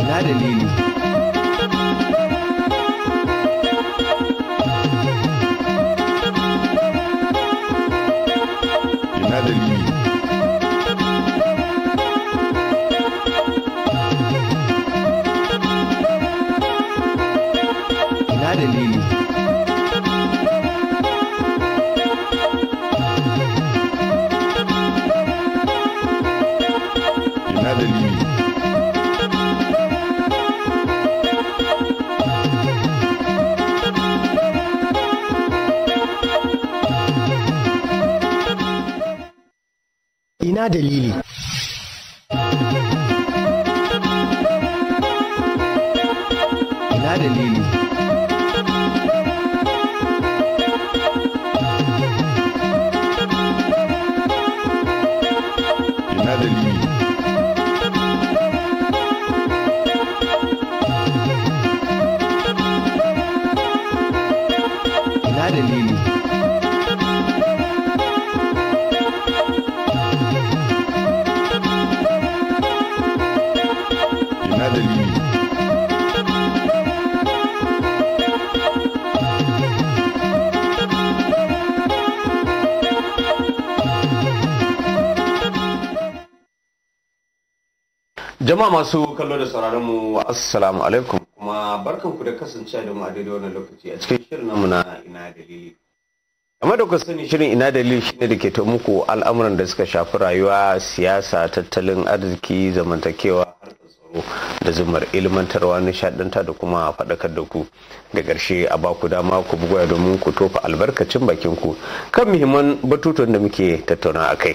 Ina dalili. ina dalili jama'a masu kallo da sauraron mu assalamu alaikum kuma barkanku da kasancewa da mu a daidai wannan lokaci a cikin shirin namu na ina dalili amma da ku sani shirin ina dalili shine da ke to muku al'amuran da suka shafi rayuwa siyasa tattalin arziki zamantakewa harkar tsaro da zumar ilmantarwa nishadanta da kuma faɗakar da ku ga ƙarshe a baku dama ku buga domin ku tofa albarkacin bakin ku kan muhimman batutuwan da muke tattauna a kai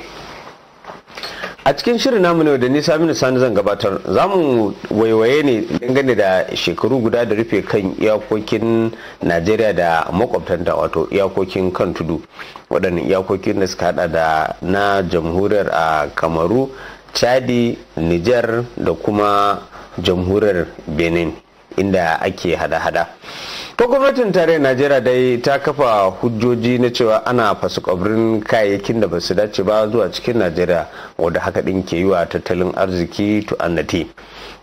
a cikin shirin namu ne da nisa saminu sani zan gabatar za mu waiwaye ne dangane da shekaru guda da rufe kan iyakokin najeriya da makwabtanta wato iyakokin kan tudu waɗannan iyakokin da suka hada da na jamhuriyar a kamaru chadi niger da kuma jamhuriyar benin inda ake hada-hada to gwamnatin tarayyar najeriya dai ta kafa hujjoji na cewa ana fasikobrin kayayyakin da ba su dace ba zuwa cikin najeriya wadda haka din ke yi wa tattalin arziki to annati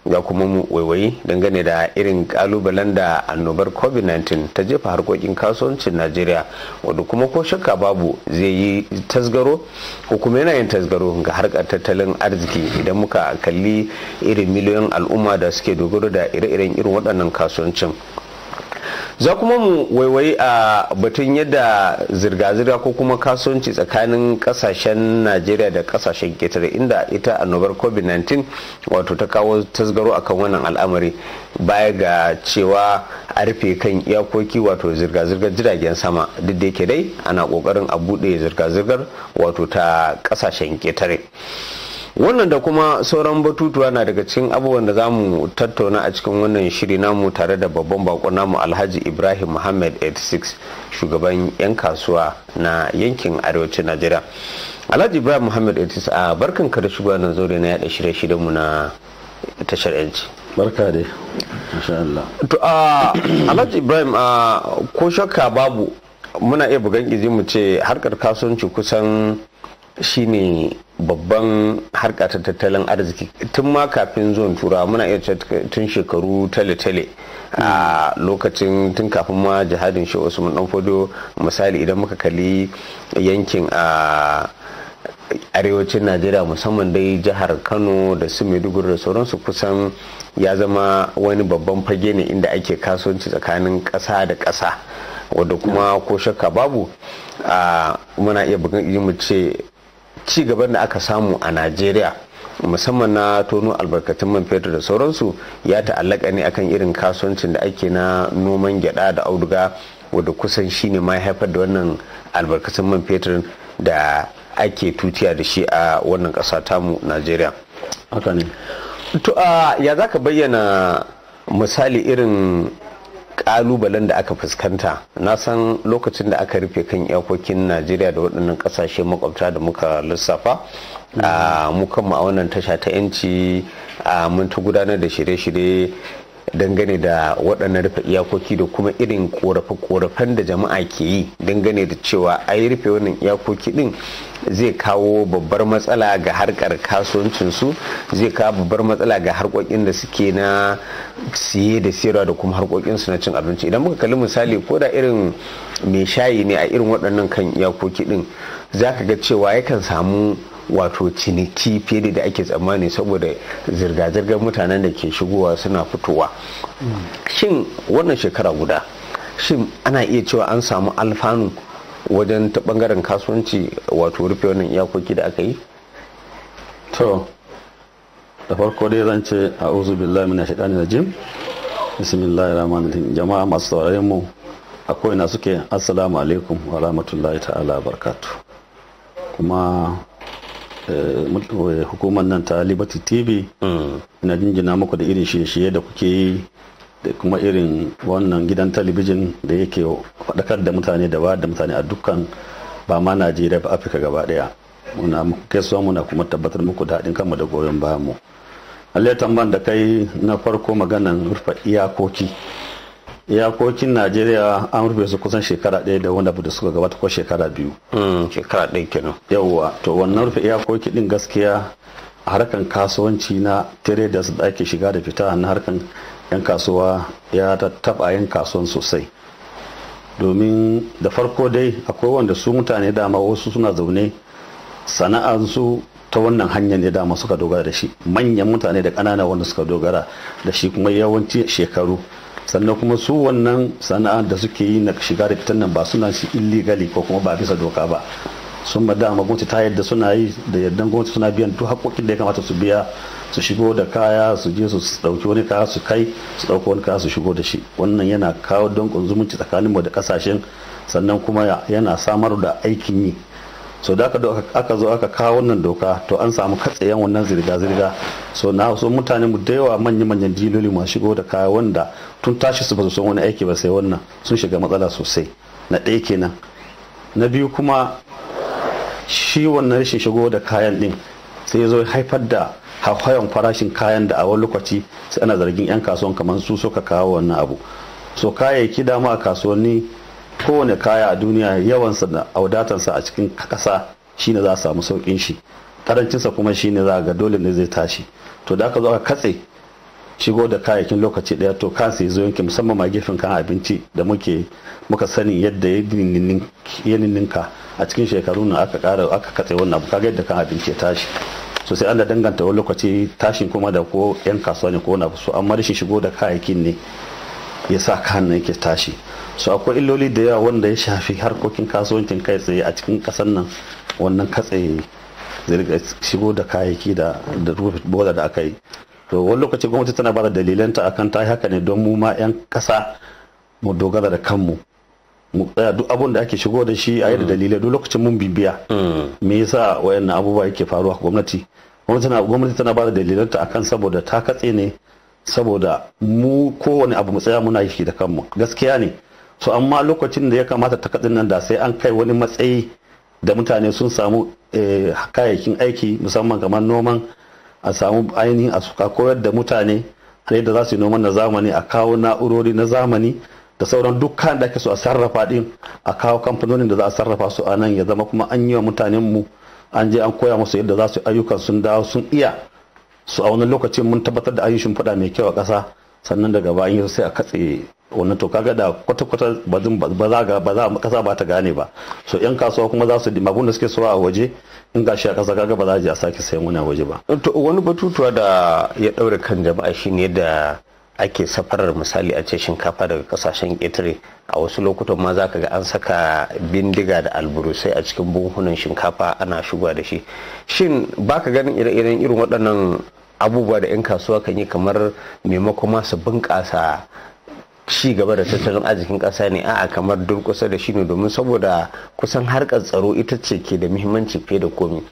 ga kuma mu waiwai dangane da irin kalubalen da annobar covid-19 ta jefa harkokin kasuwancin najeriya wadda kuma ko shakka babu zai yi tasgaro ko kuma yana yin tasgaro ga harkar tattalin arziki idan muka kalli irin miliyoyin al'umma da suke dogaro da ire-iren irin waɗannan kasuwancin za kuma mu waiwayi a batun yadda zirga-zirga ko kuma kasuwanci tsakanin kasashen najeriya da kasashen ketare inda ita annobar covid-19 wato ta kawo tasgaro akan wannan al'amari baya ga cewa a rufe kan iyakoki wato zirga-zirgar jiragen sama duk da yake dai ana kokarin a buɗe zirga-zirgar wato ta kasashen ketare wannan da kuma sauran batutuwa na daga cikin abubuwan da zamu tattauna a cikin wannan shiri namu tare da babban bako namu alhaji ibrahim muhammad 86 shugaban 'yan kasuwa na yankin arewacin najeriya alhaji ibrahim muhammad 86 a barkan ka da shigowa nan zaure na yada shirye mu na tashar yanci barka dai Allah. to a alhaji ibrahim a ko shakka babu muna iya bugan mu ce harkar kasuwanci kusan shine babban harka ta tattalin arziki tun ma kafin zuwan tura muna iya tun shekaru tale-tale a lokacin tun kafin ma jihadin shi wasu mun dan fodo misali idan muka kalli yankin a arewacin najeriya musamman dai jihar kano da su maiduguri da sauransu kusan ya zama wani babban fage ne inda ake kasuwanci tsakanin kasa da ƙasa wadda kuma ko shakka babu muna iya bugan mu ce ci gaban da aka samu a najeriya musamman na tono albarkatun man fetur da sauransu ya ta'allaka ne akan irin kasuwancin da ake na noman gyada da auduga wadda kusan shine ma haifar da wannan albarkatun man fetur da ake tutiya da shi a wannan ƙasa tamu najeriya to ya zaka bayyana misali irin kalubalen da aka fuskanta na san lokacin da aka rufe kan iyakokin najeriya da waɗannan ƙasashe makwabta da muka lissafa mm. mu kanmu a wannan tasha ta yanci mun ta gudanar da shirye-shirye dangane da waɗannan rufe iyakoki da kuma irin korafe-korafen da jama'a ke yi dangane da cewa ai rufe wannan iyakoki din zai kawo babbar matsala ga harkar kasuwancinsu zai kawo babbar matsala ga harkokin da suke na siye da siyarwa da kuma harkokinsu na cin abinci idan muka kalli misali ko da irin mai shayi ne a irin waɗannan kan iyakoki din za ka ga cewa yakan samu wato ciniki fiye da ake tsammani saboda zirga-zirgar mutanen da ke shigowa suna fitowa shin wannan shekara guda shin ana iya cewa an samu alfanu wajen ta bangaren kasuwanci wato rufe wannan iyakoki da aka yi to da farko dai zan ce a uzu billahi mina shaɗani da jim bismillahir rahmanir jama'a masu sauraren mu a ko'ina suke assalamu alaikum wa rahmatullahi ta'ala barkatu kuma Eh, eh, hukumar nan ta liberty tv hmm. ina jinjina muku da irin shirye da kuke yi da kuma irin wannan gidan talabijin da yake faɗakar da mutane da wayar da mutane a dukkan ba ma najeriya ba afirka gaba ɗaya muna gaisuwa muna kuma tabbatar muku da haɗin kanmu da goyon bayan mu Allah tamban da kai na farko maganan rufe iyakoki iyakokin najeriya an rufe su kusan shekara ɗaya da wanda da suka gabata ko shekara biyu mm, shekara ɗaya kenan yawwa to wannan rufe iyakoki din gaskiya harkan kasuwanci na traders da ake shiga da fita na harkan yan kasuwa ya taɓa yin kasuwan sosai domin da farko dai akwai wanda su mutane dama wasu suna zaune sana'ansu ta wannan hanyar ne dama suka dogara da shi manyan mutane da ƙanana wanda suka dogara da shi kuma yawanci shekaru sannan kuma su wannan sana'ar da suke yi na shiga da fitan nan ba suna shi illegally ko kuma ba bisa doka ba sun ba dama gwamnati ta yadda suna yi da yadda gwamnati suna biyan duk haƙoƙin da ya kamata su biya su shigo da kaya su je su ɗauki wani kaya su kai su ɗauki wani kaya su shigo da shi wannan yana kawo don zumunci mu da kasashen sannan kuma yana samar da aikin yi so da aka zo aka kawo wannan doka to an samu katsayen wannan zirga-zirga so na so mutane mu da yawa manya-manyan diloli masu shigo da kaya wanda tun tashi su ba su san wani aiki ba sai wannan sun shiga matsala sosai na ɗaya kenan na biyu kuma shi wannan rashin shigo da kayan ɗin sai ya zo haifar da hauhayon farashin kayan da a wani lokaci sai ana zargin 'yan kasuwan kamar su suka kawo wannan abu so kayayyaki dama a kasuwanni kowane kaya a duniya yawansa da audatansa a cikin ƙasa shine za a samu sauƙin shi karancinsa kuma shine za ga dole ne zai tashi to da aka zo aka katse shigo da kayayyakin lokaci daya to kansa zuwa yanke musamman ma gefen kan abinci da muke muka sani yadda ya ninninka a cikin shekaru na aka kara aka katse wannan abu kaga yadda kan abinci ya tashi so sai da danganta wani lokaci tashin kuma da ko yan kasuwa ne ko wani abu so amma rashin shigo da kayayyakin ne ya sa kan yake tashi so akwai illoli da yawa wanda ya shafi harkokin kasuwancin kai tsaye a cikin kasar nan wannan katse zirga shigo da kayayyaki da rufe da aka yi to wani lokaci gwamnati tana bada dalilanta akan ta yi haka ne don mu ma 'yan kasa mu dogara da kanmu mu tsaya duk abun da ake shigo da shi a yi da mm. dalilai duk lokacin mun bibiya mm. me yasa wayannan abubuwa yake faruwa gwamnati gwamnati tana bada dalilanta akan saboda ta katse ne saboda mu kowane abu mu tsaya muna yi da kanmu gaskiya ne so amma lokacin da ya kamata ta katse nan da sai an kai wani matsayi da mutane sun samu eh, kayayyakin aiki musamman kamar noman a samu ainihin a suka koyar da mutane a yadda za su yi noman na zamani a kawo na'urori na zamani da sauran dukkan da ake so a sarrafa din a kawo kamfanonin da za a sarrafa su a nan ya zama kuma an yi wa mutanen mu an je an koya musu yadda za su ayyukan sun dawo sun iya su a wani lokacin mun tabbatar da an yi shimfiɗa mai kyau a kasa sannan daga bayan sai a katse wannan to kaga da kwata-kwata ba za ga ba za kasa ba ta gane ba so yan kasuwa kuma za su magun da suke so a waje in ga shi a kasa kaga ba za a sake sayan wani a waje ba to wani batutuwa da ya daure kan jama'a shine da ake safarar misali a ce shinkafa daga kasashen ƙetare a wasu lokutan ma za ka ga an saka bindiga da alburusai a cikin buhunan shinkafa ana shigowa da shi shin ba ka ganin ire-iren irin waɗannan abubuwa da 'yan kasuwa kan yi kamar maimakon masu bunƙasa ci gaba da tattalin arzikin kasa ne a'a kamar duk kusa da shi ne domin saboda kusan harkar tsaro ita ce ke da muhimmanci fiye da komi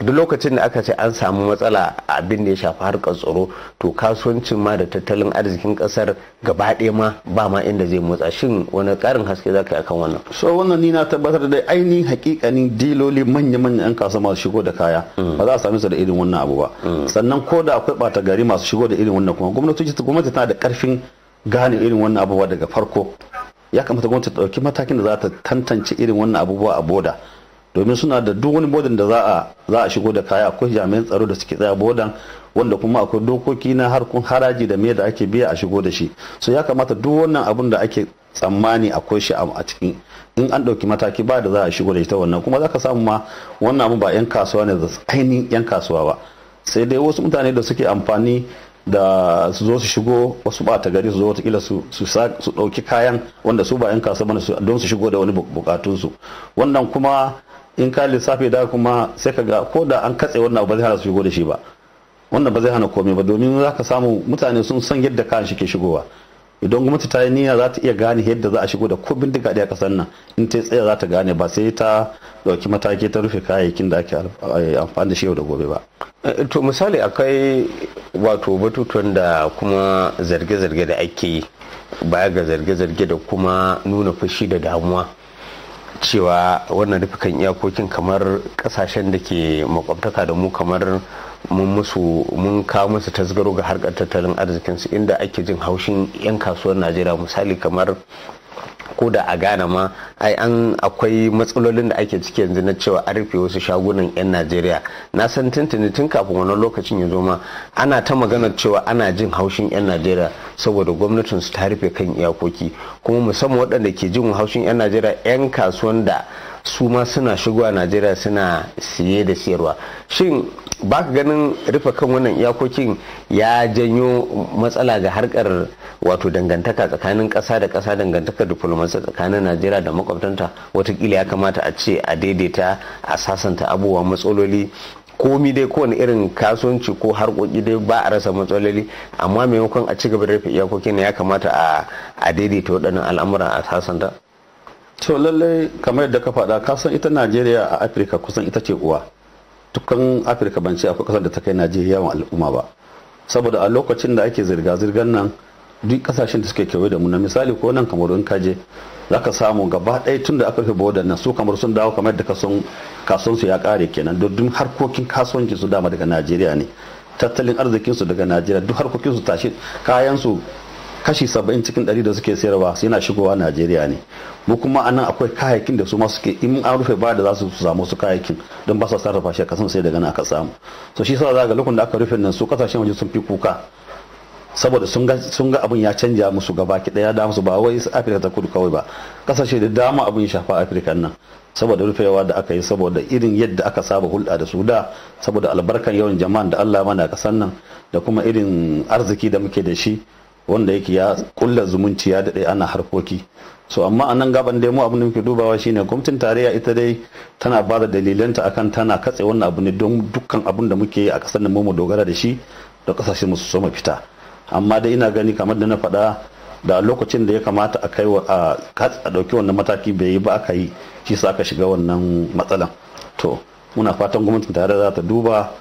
duk lokacin da aka ce an samu matsala abin da ya shafi harkar tsaro to kasuwancin ma da tattalin arzikin ƙasar gaba ɗaya ma ba ma inda zai motsa shin wani ƙarin haske za ka yi akan wannan. so wannan ni na tabbatar da ainihin hakikanin diloli manya-manyan 'yan kasuwa masu shigo da kaya mm. ba za a sami su da irin wannan abu ba mm. sannan ko da akwai bata gari masu shigo da irin wannan kuma gwamnati tana da karfin gane irin wannan abubuwa daga farko ya kamata gwamnati ta dauki matakin da za ta tantance irin wannan abubuwa a boda domin suna da duk wani bodan da za a shigo da kaya akwai jami'an tsaro da suke tsaya bodan wanda kuma akwai dokoki na harkun haraji da me da ake biya a shigo da shi so ya kamata duk wannan abun da ake tsammani akwai shi a cikin in an ɗauki mataki ba da za a shigo da ita wannan kuma zaka samu ma wannan abu ba 'yan kasuwa ne da ainihin 'yan kasuwa ba sai dai wasu mutane da suke amfani da su zo su shigo wasu bata gari su zo watakila su su ɗauki kayan wanda su ba 'yan kasa bane don su shigo da wani bukatunsu wannan kuma in ka lissafi da kuma sai ka ga ko da an katse wannan ba zai hana su shigo da shi ba wannan ba zai hana komai ba domin za ka samu mutane sun san yadda kayan shi ke shigowa idan gwamnati ta yi niyya za ta iya gane yadda za a shigo da ko bindiga ɗaya kasar nan in ta tsaya za ta gane ba sai ta dauki mataki ta rufe kayayyakin da ake amfani da shi yau da gobe ba. Eh, eh, to misali akwai wato batutuwan da kuma zarge-zarge da ake yi baya ga zarge-zarge da kuma nuna fushi da damuwa cewa wannan rufe kan iyakokin kamar kasashen da ke makwabtaka da mu kamar mun musu mun kawo musu tasgaro ga harkar tattalin arzikinsu inda ake jin haushin 'yan kasuwar najeriya misali kamar ko da a ghana ma ai an akwai matsalolin da ake ciki yanzu na cewa a rufe wasu shagunan 'yan najeriya na san tuntuni tun kafin wani lokacin ya zo ma ana ta maganar cewa ana jin haushin 'yan najeriya saboda gwamnatin su ta rufe kan iyakoki kuma musamman waɗanda ke jin haushin 'yan najeriya 'yan kasuwan da su ma suna shigowa najeriya suna siye da siyarwa shin ba ka ganin rufe kan wannan iyakokin ya janyo matsala ga harkar wato dangantaka tsakanin kasa da kasa dangantakar diplomatsa tsakanin najeriya da makwabtanta watakila ya kamata a ce a daidaita a sasanta abubuwa matsaloli komi dai kowane irin kasuwanci ko harkoki dai ba a rasa matsaloli amma maimakon a ci gaba da rufe iyakokin ya kamata a daidaita waɗannan al'amura a sasanta to lallai kamar yadda ka faɗa kasan ita najeriya a afirka kusan ita ce uwa tukan afirka ban ce akwai kasar da ta kai najeriya yawan al'umma ba saboda a lokacin da ake zirga-zirgar nan duk kasashen da suke kewaye da mu na misali ko nan kamar in kaje za ka samu gaba ɗaya tun da aka rufe bodar nan su kamar sun dawo kamar da kason su ya ƙare kenan don harkokin kasuwanci su dama daga najeriya ne tattalin arzikin su daga najeriya duk harkokin su tashi kayan su kashi 70 cikin 100 da suke sayarwa yana shigowa Najeriya ne mu kuma anan akwai kayayyakin da su ma suke in an rufe ba da za su samu su kayayyakin don ba su sarrafa shi kasan sai daga nan aka samu so shi yasa za ga lokacin da aka rufe nan su kasashen waje sun fi kuka saboda sun ga abin ya canja musu gaba ki daya da musu ba wai afirka ta kudu kawai ba kasashe da dama abin ya shafa afirka nan saboda rufewa da aka yi saboda irin yadda aka saba hulɗa da su da saboda albarkan yawan jama'an da allah mana kasan nan da kuma irin arziki da muke da shi wanda yake ya kulla zumunci ya daɗe ana harkoki so amma a nan gaban dai mu abin da muke dubawa shine gwamnatin tarayya ita dai tana ba da dalilanta akan tana katse wannan abu ne don dukkan abin da muke yi a ƙasar da mu dogara da shi da ƙasashe musu so mu fita amma dai ina gani kamar da na faɗa da lokacin da ya kamata a kai a a ɗauki wannan mataki bai yi ba aka yi shi sa aka shiga wannan matsalan to muna fatan gwamnatin tarayya za ta duba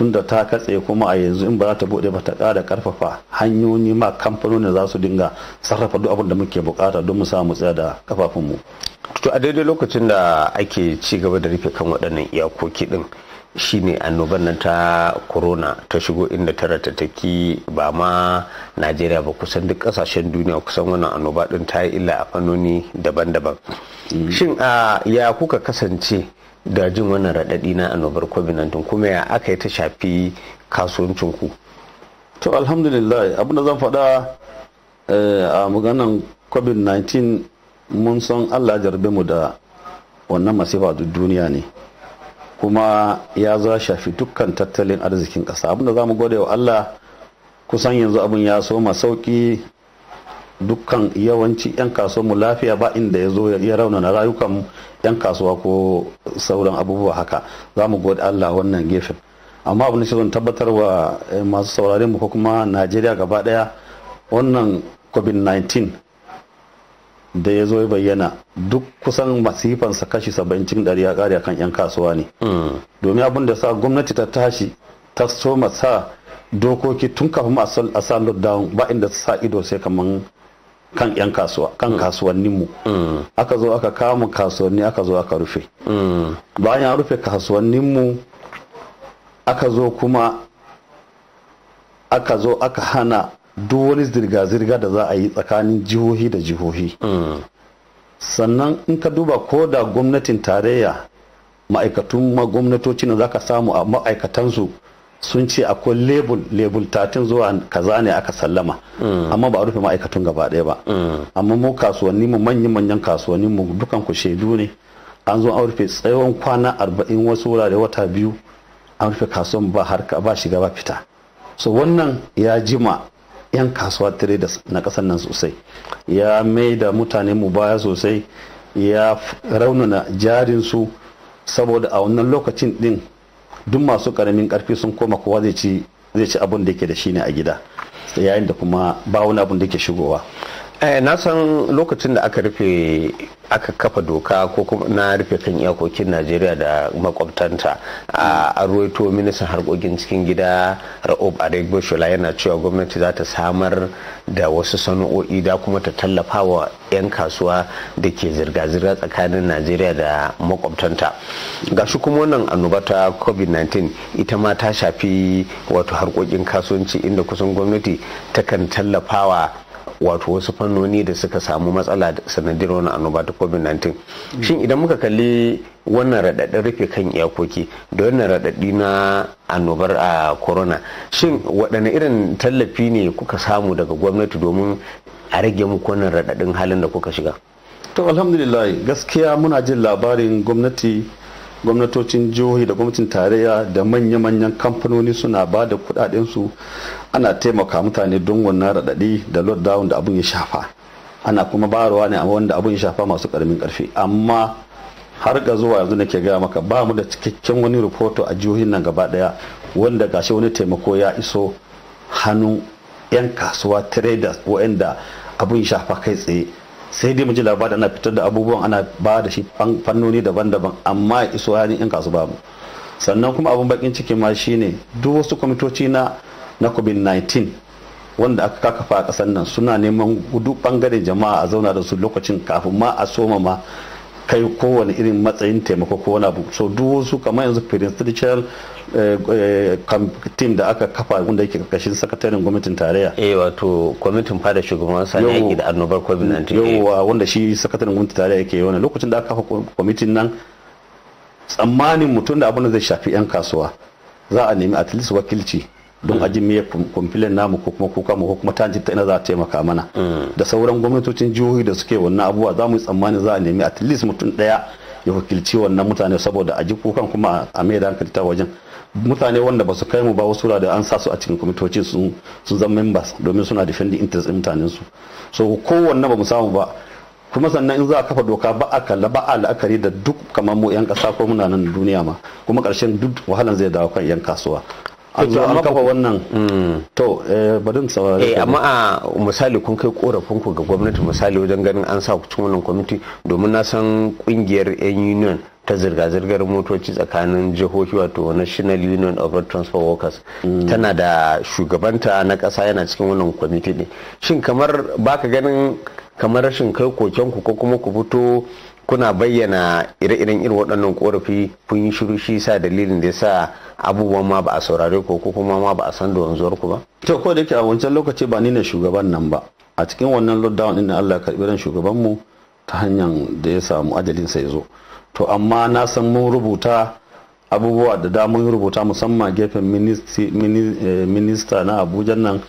tunda ta katse kuma a yanzu in ba za ta bude ba ta kara karfafa hanyoyi ma kamfanoni za su dinga sarrafa duk abin da muke bukata don mu samu tsaya da kafafunmu to a daidai lokacin da ake ci gaba da rufe kan waɗannan iyakoki din shine annoban nan ta corona ta shigo inda ta ratattaki ba ma najeriya ba kusan duk kasashen duniya kusan wannan annoba din ta yi illa a fannoni daban-daban mm. shin ah, ya kuka kasance da jin wannan raɗaɗi na annobar covid-19 kuma ya aka yi ta shafi kasuwancin ku to alhamdulillah abin da zan faɗa eh, a maganar covid-19 mun san allah jarbe mu da wannan masifa duniya ne kuma ya za shafi dukkan tattalin arzikin ƙasa abin da za mu gode wa allah kusan yanzu abin ya soma sauƙi dukkan yawanci 'yan kasuwa mu lafiya ba inda ya zo ya na rayukan 'yan kasuwa ko sauran abubuwa haka za mu gode allah wannan gefen amma abin da zan tabbatar wa eh, masu saurare mu ko kuma najeriya gaba daya wannan covid-19 da ya zo ya bayyana duk kusan masifansa kashi saba'in cikin dari ya kare kan 'yan kasuwa ne hmm. domin abin da sa gwamnati ta tashi ta so sa dokoki tun kafin a sa lockdown ba inda sa ido sai kamar kan yan kasuwa kan kasuwannin mu aka zo aka kama kasuwanni aka zo aka rufe bayan rufe kasuwannin mu aka zo kuma aka zo aka hana duk wani zirga-zirga da za a yi tsakanin jihohi da jihohi sannan in ka duba ko da gwamnatin tarayya ma'aikatun gwamnatoci na za ka samu a ma'aikatansu sun ce akwai lebul lebul tatin zuwa kaza ne aka sallama mm. amma ba a rufe ma'aikatan gaba ɗaya ba mm. amma mu kasuwanni mu manyan manyan kasuwanni mu dukan ku shaidu ne an zo an rufe tsawon kwana arba'in wasu wurare wata biyu an rufe kasuwan ba harka ba shiga ba fita so wannan ya jima yan kasuwa traders na kasar nan sosai ya mai da mutane mu baya sosai ya raunana su saboda a wannan lokacin din duk masu karamin karfi sun koma kowa zai ci abin da yake da shi ne a gida yayin da kuma ba wani abin da yake shigowa Eh, na san lokacin da aka rufe aka kafa doka ko kuma na rufe kan iyakokin najeriya da makwabtanta a arwaito ministan harkokin cikin gida ra'ub adegboshola yana cewa gwamnati za ta samar da wasu sana'o'i da kuma ta tallafa wa 'yan kasuwa da ke zirga-zirga tsakanin najeriya da makwabtanta ga shi kuma wannan annoba ta covid-19 ita ma ta shafi wato harkokin kasuwanci inda kusan gwamnati takan tallafawa wato wasu fannoni da suka samu matsala sanadiyar wani annoba ta covid-19 shin idan muka kalli wannan radadin rufe kan iyakoki da wannan raɗaɗi na annobar a corona shin waɗanne irin tallafi ne kuka samu daga gwamnati domin a rage muku wannan raɗaɗin halin da kuka shiga to alhamdulillah gaskiya muna jin labarin gwamnati gwamnatocin jihohi da gwamnatin tarayya da manya-manyan kamfanoni suna ba da kudadensu ana taimaka mutane don wannan raɗaɗi da lockdown da abin ya shafa ana kuma barowa ne amma wanda abin ya shafa masu ƙaramin ƙarfi amma har ga zuwa yanzu nake gaya maka ba mu da cikakken wani rahoto a jihohin nan gaba ɗaya wanda gashi wani taimako ya iso hannun 'yan kasuwa traders waɗanda abin shafa kai tsaye sai dai mu ji labarin ana fitar da abubuwan ana ba da shi fannoni daban-daban amma iso hannun yan ba mu sannan kuma abin bakin ciki ma shi ne duk wasu kwamitoci na na covid-19 wanda aka kakafa a kasan nan suna neman duk bangaren jama'a a zauna da su lokacin kafin ma a soma ma kai kowane irin matsayin taimako ko wani abu so duk wasu kamar yanzu presidential eh, eh, team da aka kafa wanda yake karkashin sakataren gwamnatin tarayya eh wato kwamitin fada shugaban sa ne yake da annobar covid-19 eh. yawa wanda shi sakataren gwamnatin tarayya yake wannan lokacin da aka kafa kwamitin nan tsammanin mutum da abin da zai shafi 'yan kasuwa za a nemi at least wakilci don aji miya complain namu ko kuma kuka mu ko kuma tanjin ta ina za a taimaka mana mm. da sauran gwamnatocin jihohi da suke wannan abubuwa za mu yi tsammani za a nemi at least mutum daya ya wakilci wannan mutane saboda a ji kukan kuma a mai da hankali ta wajen mutane wanda ba su kai mu ba wasu da an sa su a cikin kwamitocin sun zama members domin suna defend interest ɗin mutanen su so kowanne ba mu samu ba kuma sannan in za a kafa doka ba a kalla ba a la'akari da duk kamar mu yan kasa ko muna nan duniya ma kuma karshen duk wahalan zai dawo kan yan kasuwa a zo an kafa wannan hmm. to eh, bari saurare eh amma a misali kun kai korafin ku ga gwamnati misali wajen ganin an sa ku cikin wannan kwamiti domin na san kungiyar yan union ta zirga-zirgar motoci tsakanin jihohi wato national union of road transport workers hmm. tana da shugabanta na kasa yana cikin wannan kwamiti ne shin kamar baka ganin kamar rashin kai koken ku ko kuma ku fito kuna bayyana ire-iren irin waɗannan ƙorafi kun yi shiru shi sa dalilin da ya sa abubuwan ma ba a saurare ko ko kuma ma ba a san da wanzuwar ku ba to ko da yake a wancan lokaci ba ni ne shugaban nan ba a cikin wannan lockdown din Allah ya karbi ran shugaban mu ta hanyar da ya samu ajalin sa ya zo to amma na san mun rubuta abubuwa da mun rubuta musamman gefen eh, minista na abuja nan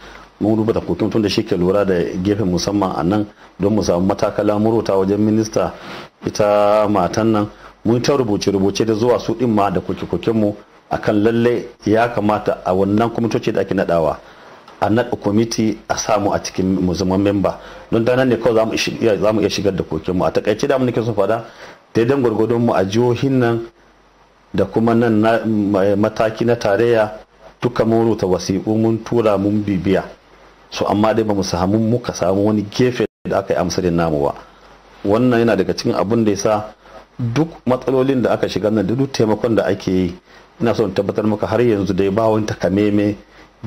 mun rubuta kokin tun da shi ke lura da gefen musamman a nan don mu samu matakala mu rubuta wajen minista ita matan nan mun ta rubuce-rubuce da zuwa su ɗin ma da koke-koken mu akan lalle ya kamata a wannan kwamitoci da ake naɗawa a naɗa kwamiti a samu a cikin mu memba don da ne kawai za mu iya shigar da koken mu a takaice da nake so faɗa daidan gwargwadon mu a jihohin nan da kuma nan mataki na tarayya duka mun rubuta wasiƙu mun tura mun bibiya so amma dai ba mu samu muka samu wani gefe da aka yi amsarin namu ba wannan yana daga cikin abin da ya sa duk matsalolin da aka shiga nan duk taimakon da ake yi ina son tabbatar maka har yanzu dai ba wani takameme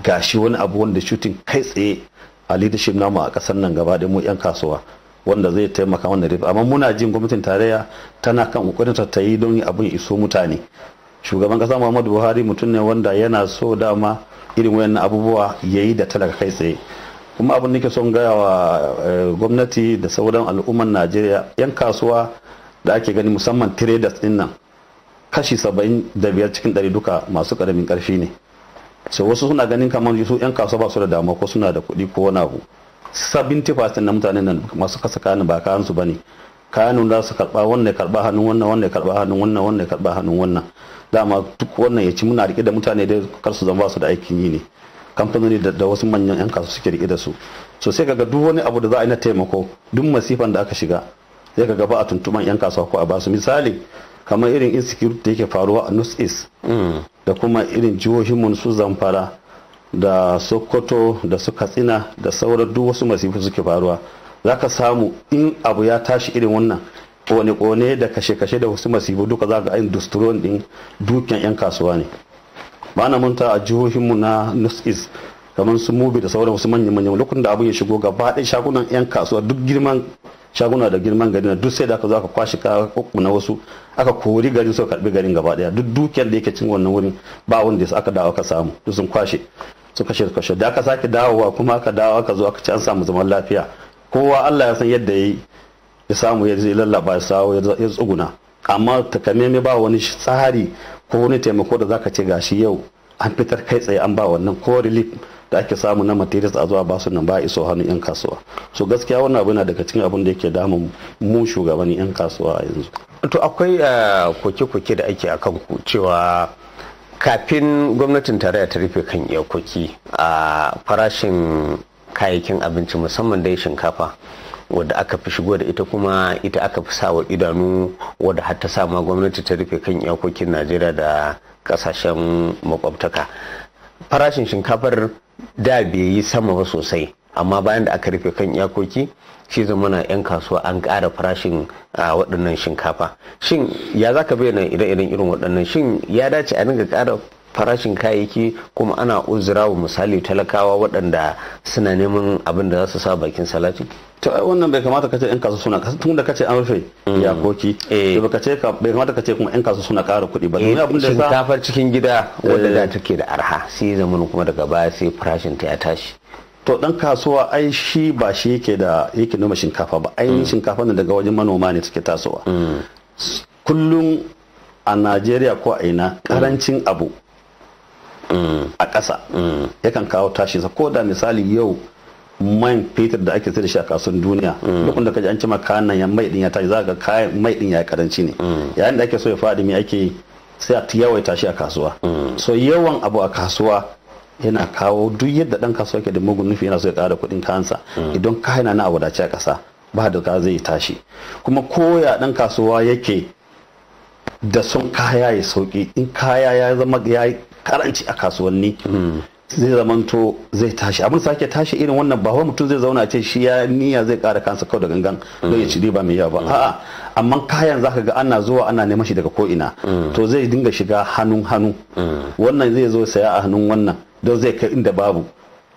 gashi wani abu wanda shutin kai tsaye a leadership namu a kasar nan gaba da mu yan kasuwa wanda zai taimaka wannan riba amma muna jin gwamnatin tarayya tana kan kokarin ta yi don abin iso mutane shugaban kasa Muhammadu Buhari mutum ne wanda yana so dama irin wayannan abubuwa yayi da talaka kai tsaye kuma abin nake son gaya wa eh, gwamnati da sauran al'umman najeriya yan kasuwa da ake gani musamman traders din nan kashi saba'in da biyar cikin ɗari duka masu ƙaramin ƙarfi ne so wasu suna ganin kamar su yan kasuwa ba su da damuwa ko suna da kuɗi ko wani abu sabinti fasin na mutanen nan masu kasa kayan ba kayan su ne. kayan za su karba wannan ya karba hannun wannan wannan ya karba hannun wannan wannan ya karba hannun wannan dama duk wannan ya ci muna rike da mutane da kar su zama ba su da aikin yi ne kamfanoni da wasu manyan 'yan kasu suke rike da su so sai kaga duk wani abu da za a yi na taimako duk masifan da aka shiga sai kaga ba a tuntuman 'yan kasuwa ko a basu misali kamar irin insecurity da yake faruwa a north east mm. da kuma irin jihohin su zamfara da sokoto da su katsina da sauran duk wasu masifu suke faruwa zaka samu in abu ya tashi irin wannan kone-kone da kashe-kashe da wasu masifu duka za ga ainihin dusturon din dukiyan 'yan kasuwa ne ba na manta a jihohinmu na north east kamar su mubi da sauran wasu manyan manyan lokacin da abin ya shigo gaba ɗaya shagunan yan kasuwa duk girman shaguna da girman gari na duk sai da aka zo aka kwashi ka na wasu aka kori garin suka karbi garin gaba ɗaya duk dukiyar da yake cin wannan wurin ba wanda aka dawo aka samu duk sun kwashe su kashe kashe da aka sake dawowa kuma aka dawo aka zo aka ci an samu zaman lafiya kowa Allah ya san yadda ya ya samu ya lallaba ya sawo ya tsuguna amma takamaimai ba wani tsari ko wani taimako da zaka ce gashi yau an fitar kai tsaye an ba wannan ko relief da ake samu na materials a zuwa ba su nan ba iso hannu yan kasuwa so gaskiya wannan abu na daga cikin abin da yake damun mu shugabannin yan kasuwa yanzu to akwai eh, koke-koke da ake akan ku cewa kafin gwamnatin tarayya ta rufe kan iyakoki a farashin kayayyakin abinci musamman dai shinkafa wadda aka fi shigo da ita kuma ita aka fi sawa idanu wadda har ta sama gwamnati ta rufe kan iyakokin najeriya da kasashen makwabtaka farashin shinkafar da bai yi sama ba sosai amma bayan da aka rufe kan iyakoki shi zamana 'yan kasuwa an ƙara farashin a waɗannan shinkafa shin ya za ka bayyana idan idan irin waɗannan shin ya dace a dinga ƙara farashin kayayyaki kuma ana uzura wa misali talakawa waɗanda suna neman abin da za su sa bakin salati to wannan bai kamata ka ce yan kasu suna tun da ka ce an rufe mm. yakoki eh. bai bai kamata ka ce kuma yan kasu suna ƙara kuɗi ba ne eh, abin da sa tafar cikin gida wadda eh. da take da arha sai zaman kuma daga baya sai farashin ta ya tashi to dan kasuwa ai shi ba shi yake da yake noma shinkafa ba ai mm. shinkafa ne daga wajen manoma ne suke tasowa mm. kullum a Najeriya ko a ina karancin abu a ƙasa yakan kawo tashi sa ko da misali yau man fetur da ake sayar shi a kasuwar duniya duk da kaji an ce maka nan ya mai din ya tashi za ka kayan mai din ya karanci ne yayin da ake so ya faɗi me ake sai a yawaita tashi a kasuwa so yawan abu a kasuwa yana kawo duk yadda dan kasuwa ke da mugun nufi yana so ya ƙara kuɗin kansa idan kayan na a wadace a ƙasa ba da ka zai tashi kuma koya dan kasuwa yake da son kaya ya sauki in kaya ya zama ya karanci a kasuwanni hmm. zai zamanto zai tashi abin sake tashi irin wannan ba wai mutum zai zauna a ce shi ya niyya zai kara kansa kawai da gangan don ya hmm. ci riba mai yawa ba hmm. a'a amma kayan zaka ga ana zuwa ana neman shi daga ko ina to zai dinga shiga hannun hannu wannan zai zo saya a hannun wannan don zai kai inda babu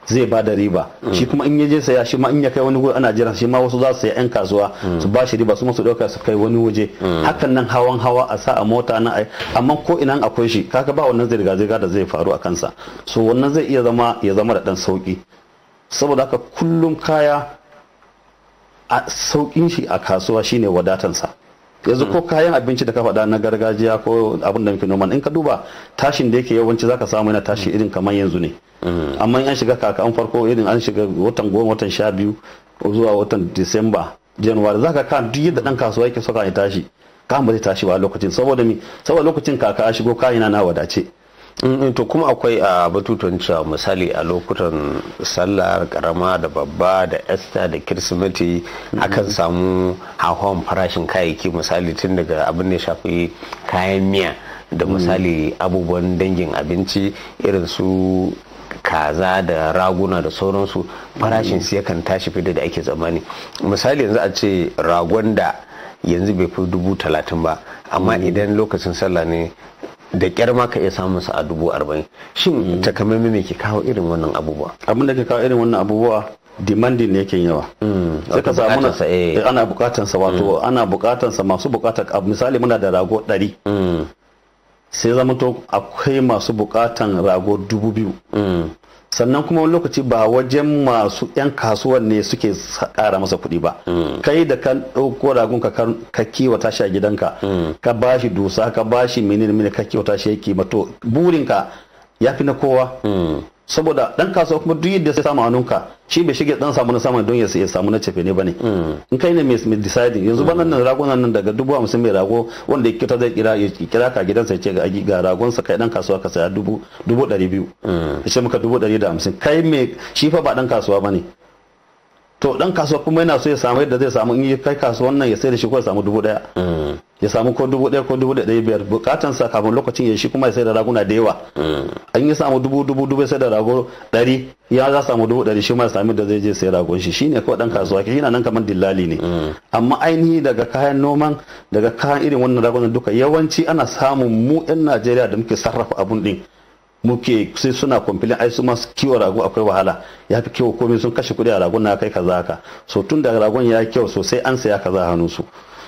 zai ba da riba shi kuma in yaje saya shi ma in ya kai wani guri ana jiran shi ma wasu za su saya yan kasuwa su ba shi riba su su dauka su kai wani waje hakan nan hawan hawa a sa a mota na amma ko ina akwai shi kaga ba wannan zirga zirga da zai faru a kansa so wannan zai iya zama ya zama da dan sauki saboda haka kullum kaya a saukin shi a kasuwa shine wadatansa yanzu ko kayan abinci da ka faɗa na gargajiya ko abin da muke noma in ka duba tashin da yake yawanci zaka samu yana tashi irin kamar yanzu ne mm. amma an shiga kaka an farko irin an shiga watan goma watan sha biyu zuwa watan disamba januwari zaka kan duk yadda dan kasuwa yake so ka tashi kan ba zai tashi ba lokacin saboda mi saboda lokacin kaka a shigo kayina na wadace Mm, mm, to kuma akwai a batutun cewa misali a lokutan sallar karama da babba da esta da kirsimeti mm-hmm. akan samu hawan farashin kayayyaki misali tun daga abin da ya shafi kayan miya da mm-hmm. misali abubuwan dangin abinci irin su kaza da raguna da sauransu farashin mm-hmm. su yakan tashi fiye da ake tsammani misali yanzu a ce ragon da yanzu bai fi dubu talatin ba amma idan lokacin sallah ne da kyar ma ka iya samun sa a dubu arba'in shin mm. takamaimai me ke kawo irin wannan abubuwa abin da ke kawo irin wannan abubuwa demanding ne yake yawa mm. sai ka samu na eh. Eh, ana bukatansa mm. wato ana bukatansa masu bukatar misali muna da rago dari. sai zama to akwai masu bukatan rago dubu biyu sannan kuma wani lokaci ba wajen masu 'yan kasuwar ne suke kara masa kuɗi ba mm. kai da ka ɗauko ragon ka kiwata shi a gidanka mm. ka ba shi dusa ka ba shi mini ka kiwata shi yake mato burinka ya fi na kowa mm. saboda dan kasuwa kuma duk yadda ya samu hannunka shi bai shige dan samu na saman don ya samu na cefe ne bane mm. in kai ne mai deciding yanzu ba mm. nan ragunan nan daga dubu hamsin mai rago wanda ya zai kira ya kira ka gidansa ya ce ga ga ragon sa kai dan kasuwa ka saya dubu dubu dari biyu mm. ya ce maka dubu dari da hamsin kai mai shi fa ba dan kasuwa bane to dan kasuwa kuma yana so ya samu yadda zai samu in yi kai kasuwan nan ya sai da shi ko ya samu dubu daya mm. ya samu ko dubu daya ko dubu daya biyar bukatan sa kafin lokacin ya shi kuma ya sai da raguna da yawa an mm. yi samu dubu dubu dubu sai da rago dari ya za samu dubu dari shi ma ya samu da zai je sai ragon shi shine kawai dan kasuwa ke yana nan kamar dillali ne mm. amma ainihi daga kayan noman daga kayan irin wannan ragunan duka yawanci ana samun mu yan Najeriya da muke sarrafa abun din muke sai suna kwamfilin ai su masu kiwo rago akwai wahala ya fi kiwo komai sun kashe kuɗi a ragon na kai kaza haka so tun da ragon ya kyau sosai an saya kaza hannu su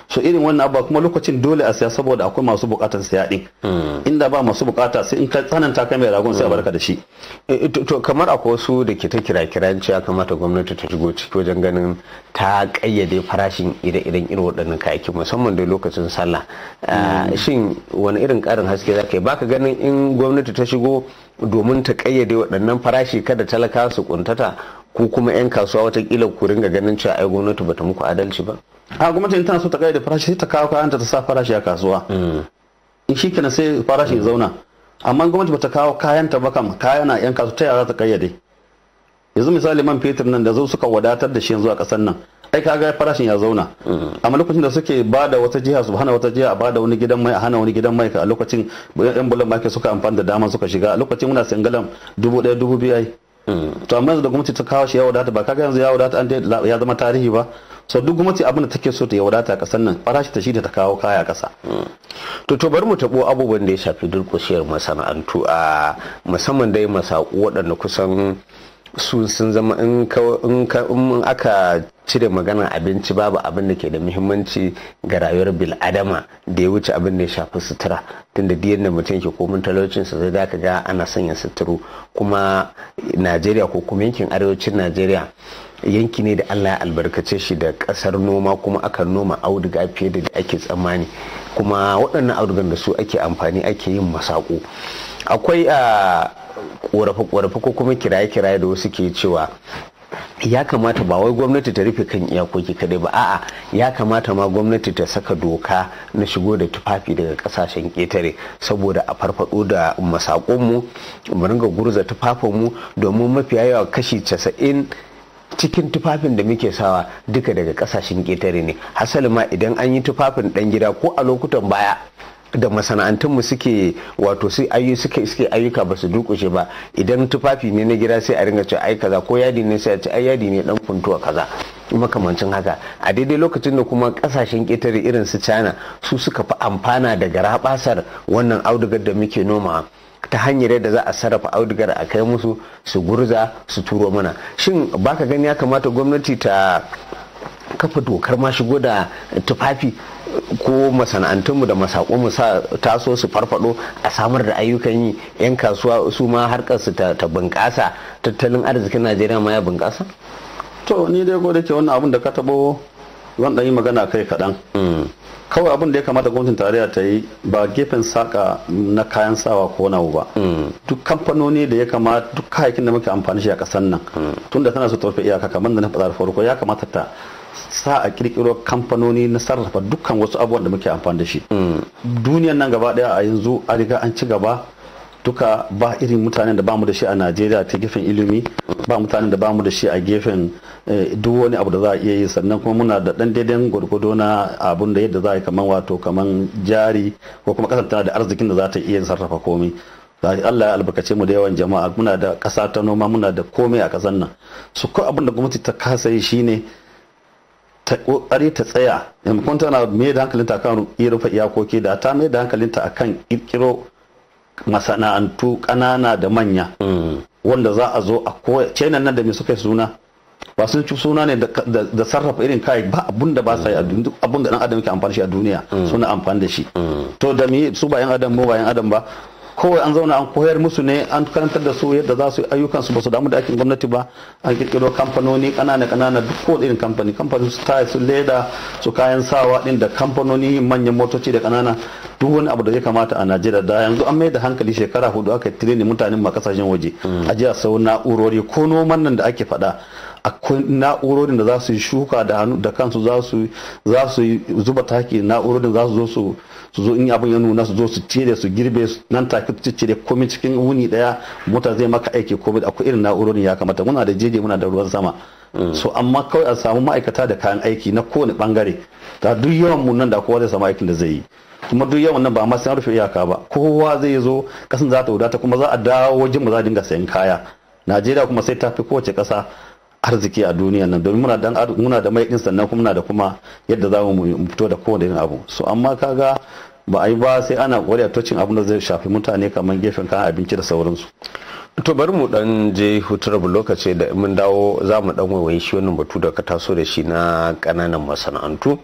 so irin wannan abu kuma lokacin dole a siya saboda akwai masu bukatar siya din hmm. inda ba masu bukata sai in ka tsananta ka mai ragon sai a hmm. barka da shi eh, eh, to kamar akwai wasu da ke ta kira kiran ya kamata gwamnati ta shigo ciki wajen ganin ta kayyade farashin ire-iren irin waɗannan kayayyaki musamman da lokacin sallah ah, hmm. shin wani irin karin haske za ka yi baka ganin in gwamnati ta shigo domin ta kayyade waɗannan farashi kada talaka su kuntata ko kuma 'yan kasuwa watakila ku ringa ganin cewa ai gwamnati bata muku adalci ba a gwamnati in tana so ta kai da farashi ta kawo kayanta ta sa farashi a kasuwa mm. in shi kenan sai farashi ya zauna amma gwamnati bata kawo kayanta ba kam na 'yan kasuwa ta yaya za ta kayyade yanzu misali man fetur nan da zo suka wadatar da shi yanzu a kasar nan ai kaga farashin ya zauna mm. amma lokacin da suke ba da wata jiha su hana wata jiha a ba da wani gidan mai a hana wani gidan mai a lokacin yan bulan market suka amfani da dama suka shiga a lokacin muna singalan dubu ɗaya dubu biyu to amma yanzu da gwamnati ta kawo shi ya wadata ba kaga yanzu ya wadata an ya zama tarihi ba sau duk gwamnati abin da take so ta ya wadata kasan nan farashi ta shi ta kawo kaya kasa to to bari mu tabo abubuwan da ya shafi durƙushiyar masana'antu a musamman dai masaku waɗanda kusan su sun zama in aka cire maganar abinci babu abin da ke da muhimmanci ga rayuwar bil'adama da ya wuce abin da ya shafi sutura tunda da yadda mutum ke komin talaucin sa zai ka ga ana sanya suturu kuma najeriya ko kuma yankin arewacin najeriya yanki ne da allah ya albarkace shi da kasar noma kuma aka noma auduga fiye da ake tsammani kuma waɗannan audugan da su ake amfani ake yin masako akwai a ah, korafe-korafe ko kuma kiraye-kiraye da wasu ke cewa ya kamata ba wai gwamnati ta rufe kan iyakoki kadai ba a'a ya kamata ma gwamnati ta saka doka na shigo da tufafi daga kasashen ƙetare saboda a farfado da masakonmu mu ringa gurza tufafinmu domin mafiya yawa kashi casa'in cikin tufafin da muke sawa duka daga kasashen ƙetare ne hasali ma idan an yi tufafin ɗan gida ko a lokutan baya da masana'antunmu suke wato su ayu suke suke ayyuka ba su dukushe ba idan tufafi ne na gida sai a ringa cewa ai kaza ko yadi ne sai a ce ai yadi ne dan funtuwa kaza makamancin haka a daidai lokacin da kuma kasashen ƙetare irin su china su suka fi amfana da garabasar wannan audugar da muke noma ta hanyar yadda za a sarrafa audugar a kai musu su gurza su turo mana shin baka gani ya kamata gwamnati ta kafa dokar ma shigo da tufafi ko masana'antunmu da masakonmu sa taso su farfado a samar da ayyukan yi 'yan kasuwa su ma harkar su ta bunƙasa tattalin arzikin najeriya ma ya bunƙasa to ni dai ko ke wannan abin da ka tabo zan ɗan yi magana kai kaɗan mm. kawai abin da ya kamata gwamnatin tarayya ta yi ba gefen saka na kayan sawa ko nawa ba mm. duk kamfanoni da ya kamata duk kayakin da muke amfani shi a ƙasar nan mm. tun da tana so ta rufe iyaka kamar da na faɗa farko ya kamata ta sa a kirkiro kamfanoni na sarrafa dukkan wasu abubuwan da muke amfani da shi duniyan nan gaba daya a yanzu a riga an ci gaba duka ba irin mutanen da bamu da shi a najeriya ta gefen ilimi ba mutanen da bamu da shi a gefen eh, duk wani abu da za a iya yi sannan kuma muna da dan daidai gwargwado na abun da yadda za a yi kaman wato kaman jari ko kuma kasar da arzikin da za ta iya sarrafa komai Allah ya albarkace mu da yawan jama'a muna da ƙasa ta noma muna da komai a ƙasar nan su ko abin da gwamnati ta kasa yi shine ta kokari ta tsaya maimakon tana mai da hankalinta kan rufe iyakoki da ta mai da hankalinta akan kirkiro masana'antu ƙanana da manya wanda za a zo a koya cenan nan da me suka suna ba sun ci suna ne da sarrafa irin kai ba abun da ba sa yi a duniya abun da dan adam yake amfani shi a duniya suna amfani da shi to da me su ba yan adam mu ba yan adam ba kawai an zauna an koyar musu ne an karantar da su yadda za su ayyukan su ba su damu da aikin gwamnati ba an kirkiro kamfanoni kanana kanana duk ko irin kamfani kamfani su taya su leda su kayan sawa din da kamfanoni manyan motoci da kanana duk wani abu da ya kamata a Najeriya da yanzu an mai da hankali shekara hudu aka tirene mutanen ma kasashen waje a jiya sau na'urori ko noman nan da ake faɗa akwai na'urorin da za su yi shuka da hannu da kansu za su zuba taki na'urorin za su zo su su zo in abin ya nuna su zo su cire su girbe su nan take su cire komai cikin wuni daya mota zai maka aiki komai akwai irin na'urorin ya kamata muna da jeje muna da ruwan sama mm. so amma kawai a samu ma'aikata da kayan aiki na kowane bangare ta duk yawan mun nan da kowa zai samu aikin da zai yi kuma duk yawan nan ba ma sun rufe iyaka ba kowa zai zo kasan za ta wadata kuma za a dawo wajen mu za a dinga sayan kaya najeriya kuma sai ta fi kowace kasa arziki a duniya nan domin muna dan muna da mai din sannan kuma muna da kuma yadda za mu fito da kowane irin abu so amma kaga ba a yi ba sai ana kokari tocin abin da zai shafi mutane kamar gefen kayan abinci da sauransu to bari mu dan je huturar lokaci da mun dawo za mu dan waiwayi shi wannan batu da ka taso da shi na kananan masana'antu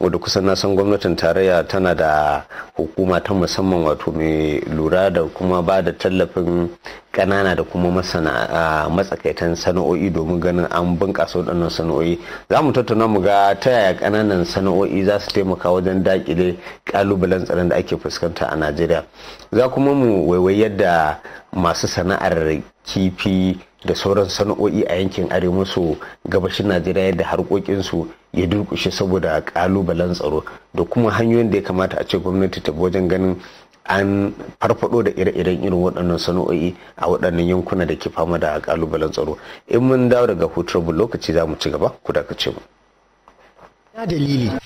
wadda kusan na san gwamnatin tarayya tana da hukuma ta musamman wato mai lura da kuma ba da tallafin kanana da kuma matsakaitan sana'o'i domin ganin an bunƙasa waɗannan sana'o'i za mu tattauna mu ga ta yaya ƙananan sana'o'i za su taimaka wajen daƙile ƙalubalen tsaron da ake fuskanta a najeriya za kuma mu waiwai yadda masu sana'ar kifi da sauran sana'o'i a yankin arewa maso gabashin najeriya yadda harkokinsu ya durkushe saboda kalubalen tsaro da kuma hanyoyin da ya kamata a ce gwamnati ta wajen ganin an farfado da ire-iren irin waɗannan sana'o'i a waɗannan yankuna da ke fama da kalubalen tsaro in mun dawo daga hutar lokaci za mu ci gaba ku ce mu. na ina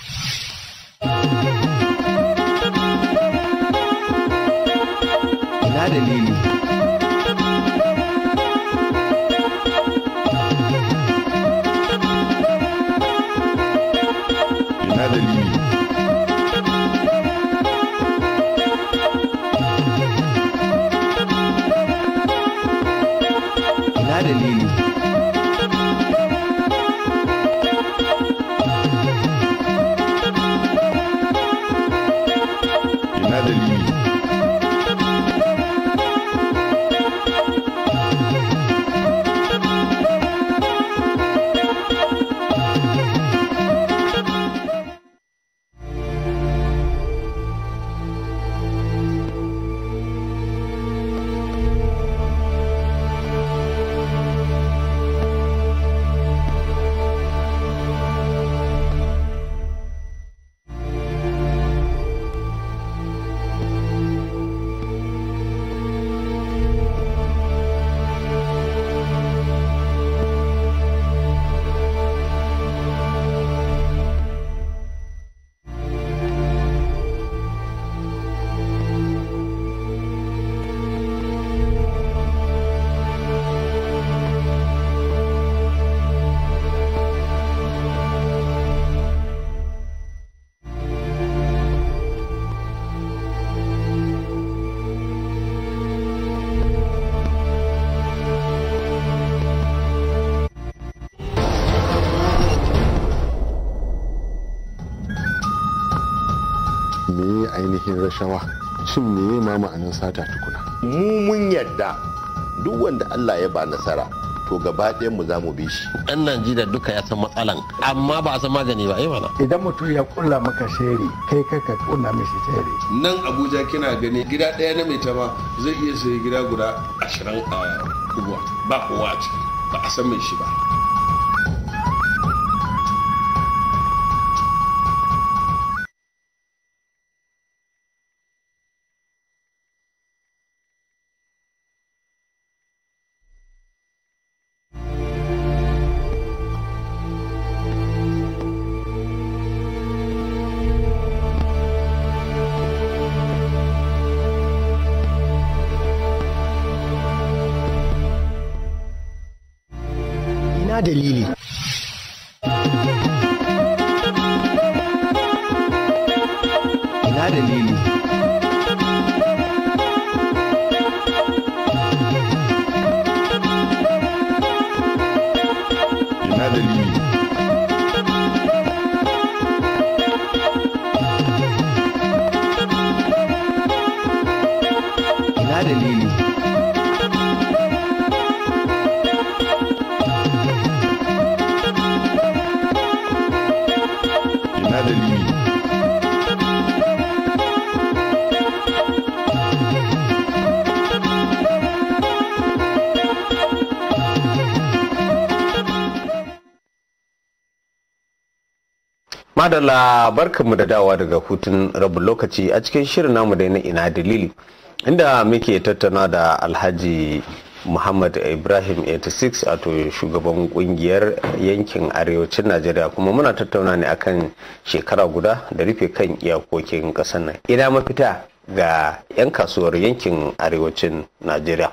dalili rashawa cin ne ma ma'anin sata tukuna mu mun yadda duk wanda Allah ya ba nasara to gaba mu za mu bi shi ɗan najeriya duka ya san matsalan amma ba a san magani ba eh mana idan mutum ya kula maka sheri kai kai ka kunna mishi sheri nan abuja kina gani gida ɗaya na mai tama zai iya sayi gida guda ashirin a kubuwa ba kowa a ba a san mai shi ba Lili. madalla barkanmu da dawa daga hutun rabu lokaci a cikin shirin namu da na ina dalili inda muke tattauna da alhaji muhammad ibrahim 86 wato shugaban kungiyar yankin arewacin najeriya kuma muna tattauna ne akan shekara guda da rufe kan iyakokin kasar nan ina mafita ga 'yan kasuwar yankin arewacin najeriya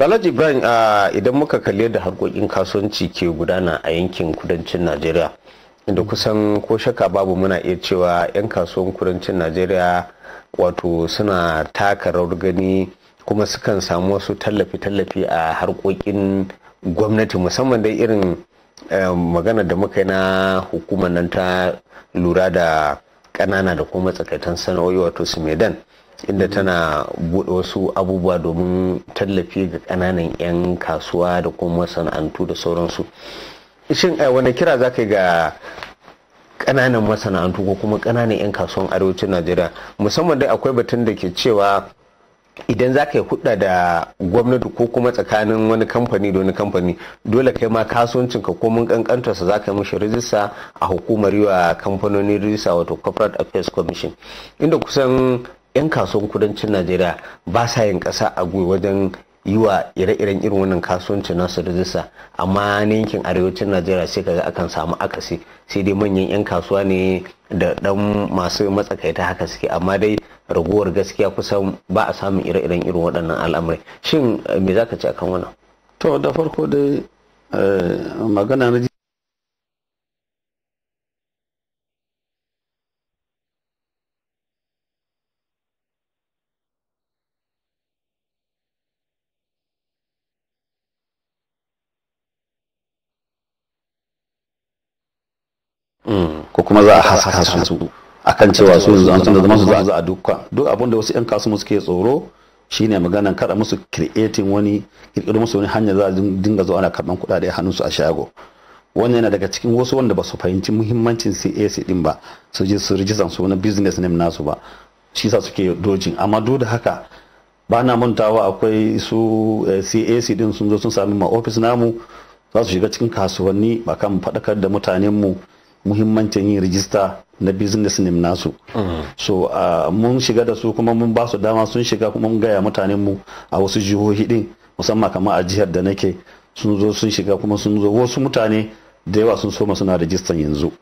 alhaji ibrahim idan muka kalli da harkokin kasuwanci ke gudana a yankin kudancin najeriya da kusan ko shaka babu muna iya cewa 'yan kasuwan kudancin najeriya wato suna taka rawar gani kuma sukan samu wasu tallafi-tallafi a harkokin gwamnati musamman dai irin eh, magana da muka yi na hukumar nan ta lura da kanana da kuma tsakaitan sana'o'i wato sumedan inda tana buɗe wasu abubuwa domin tallafi ga kananan 'yan kasuwa da kuma sana'antu da sauransu shin eh, wani kira za ka yi ga ƙananan masana'antu ko kuma ƙananan 'yan kasuwan arewacin najeriya musamman dai akwai batun da ke cewa idan za ka yi hudda da gwamnati ko kuma tsakanin wani kamfani da wani kamfani dole kai ma kasuwancin ka ko mun kankantarsa za ka yi mishi rijista a hukumar yiwa kamfanonin rijista wato corporate affairs commission inda kusan 'yan kasuwan kudancin najeriya ba sa yin ƙasa a gwiwa wajen yi wa ire-iren irin wannan kasuwanci nasu rajista amma na yankin arewacin najeriya sai kaga akan samu akasi sai dai manyan 'yan kasuwa ne da dan masu matsakaita haka suke amma dai ragowar gaskiya kusan ba a samun ire-iren irin waɗannan al'amurai shin eh, me za ka ci akan wannan to da farko dai eh, magana na ko kuma za a haska su akan cewa su yanzu an san da zama su za a dukkan duk abin da wasu yan kasuwa suke tsoro shine maganan kada musu creating wani kirkiro musu wani hanya za a dinga zuwa ana karban kuɗaɗe su a shago wannan yana daga cikin wasu wanda ba su fahimci muhimmancin CAC din ba su je su rijistan su wani business name nasu ba shi sa suke dojin amma duk da haka ba na mantawa akwai su CAC eh, din sun zo sun sami ma office namu za su shiga cikin kasuwanni ba kan faɗakar da mutanen mu muhimmancin yin rijista na business name nasu so mun shiga da su kuma mun ba su dama sun shiga kuma mun gaya mutanen mu a wasu jihohi din musamman kamar a jihar da nake sun zo sun shiga kuma sun zo wasu mutane da yawa sun soma suna rijistan yanzu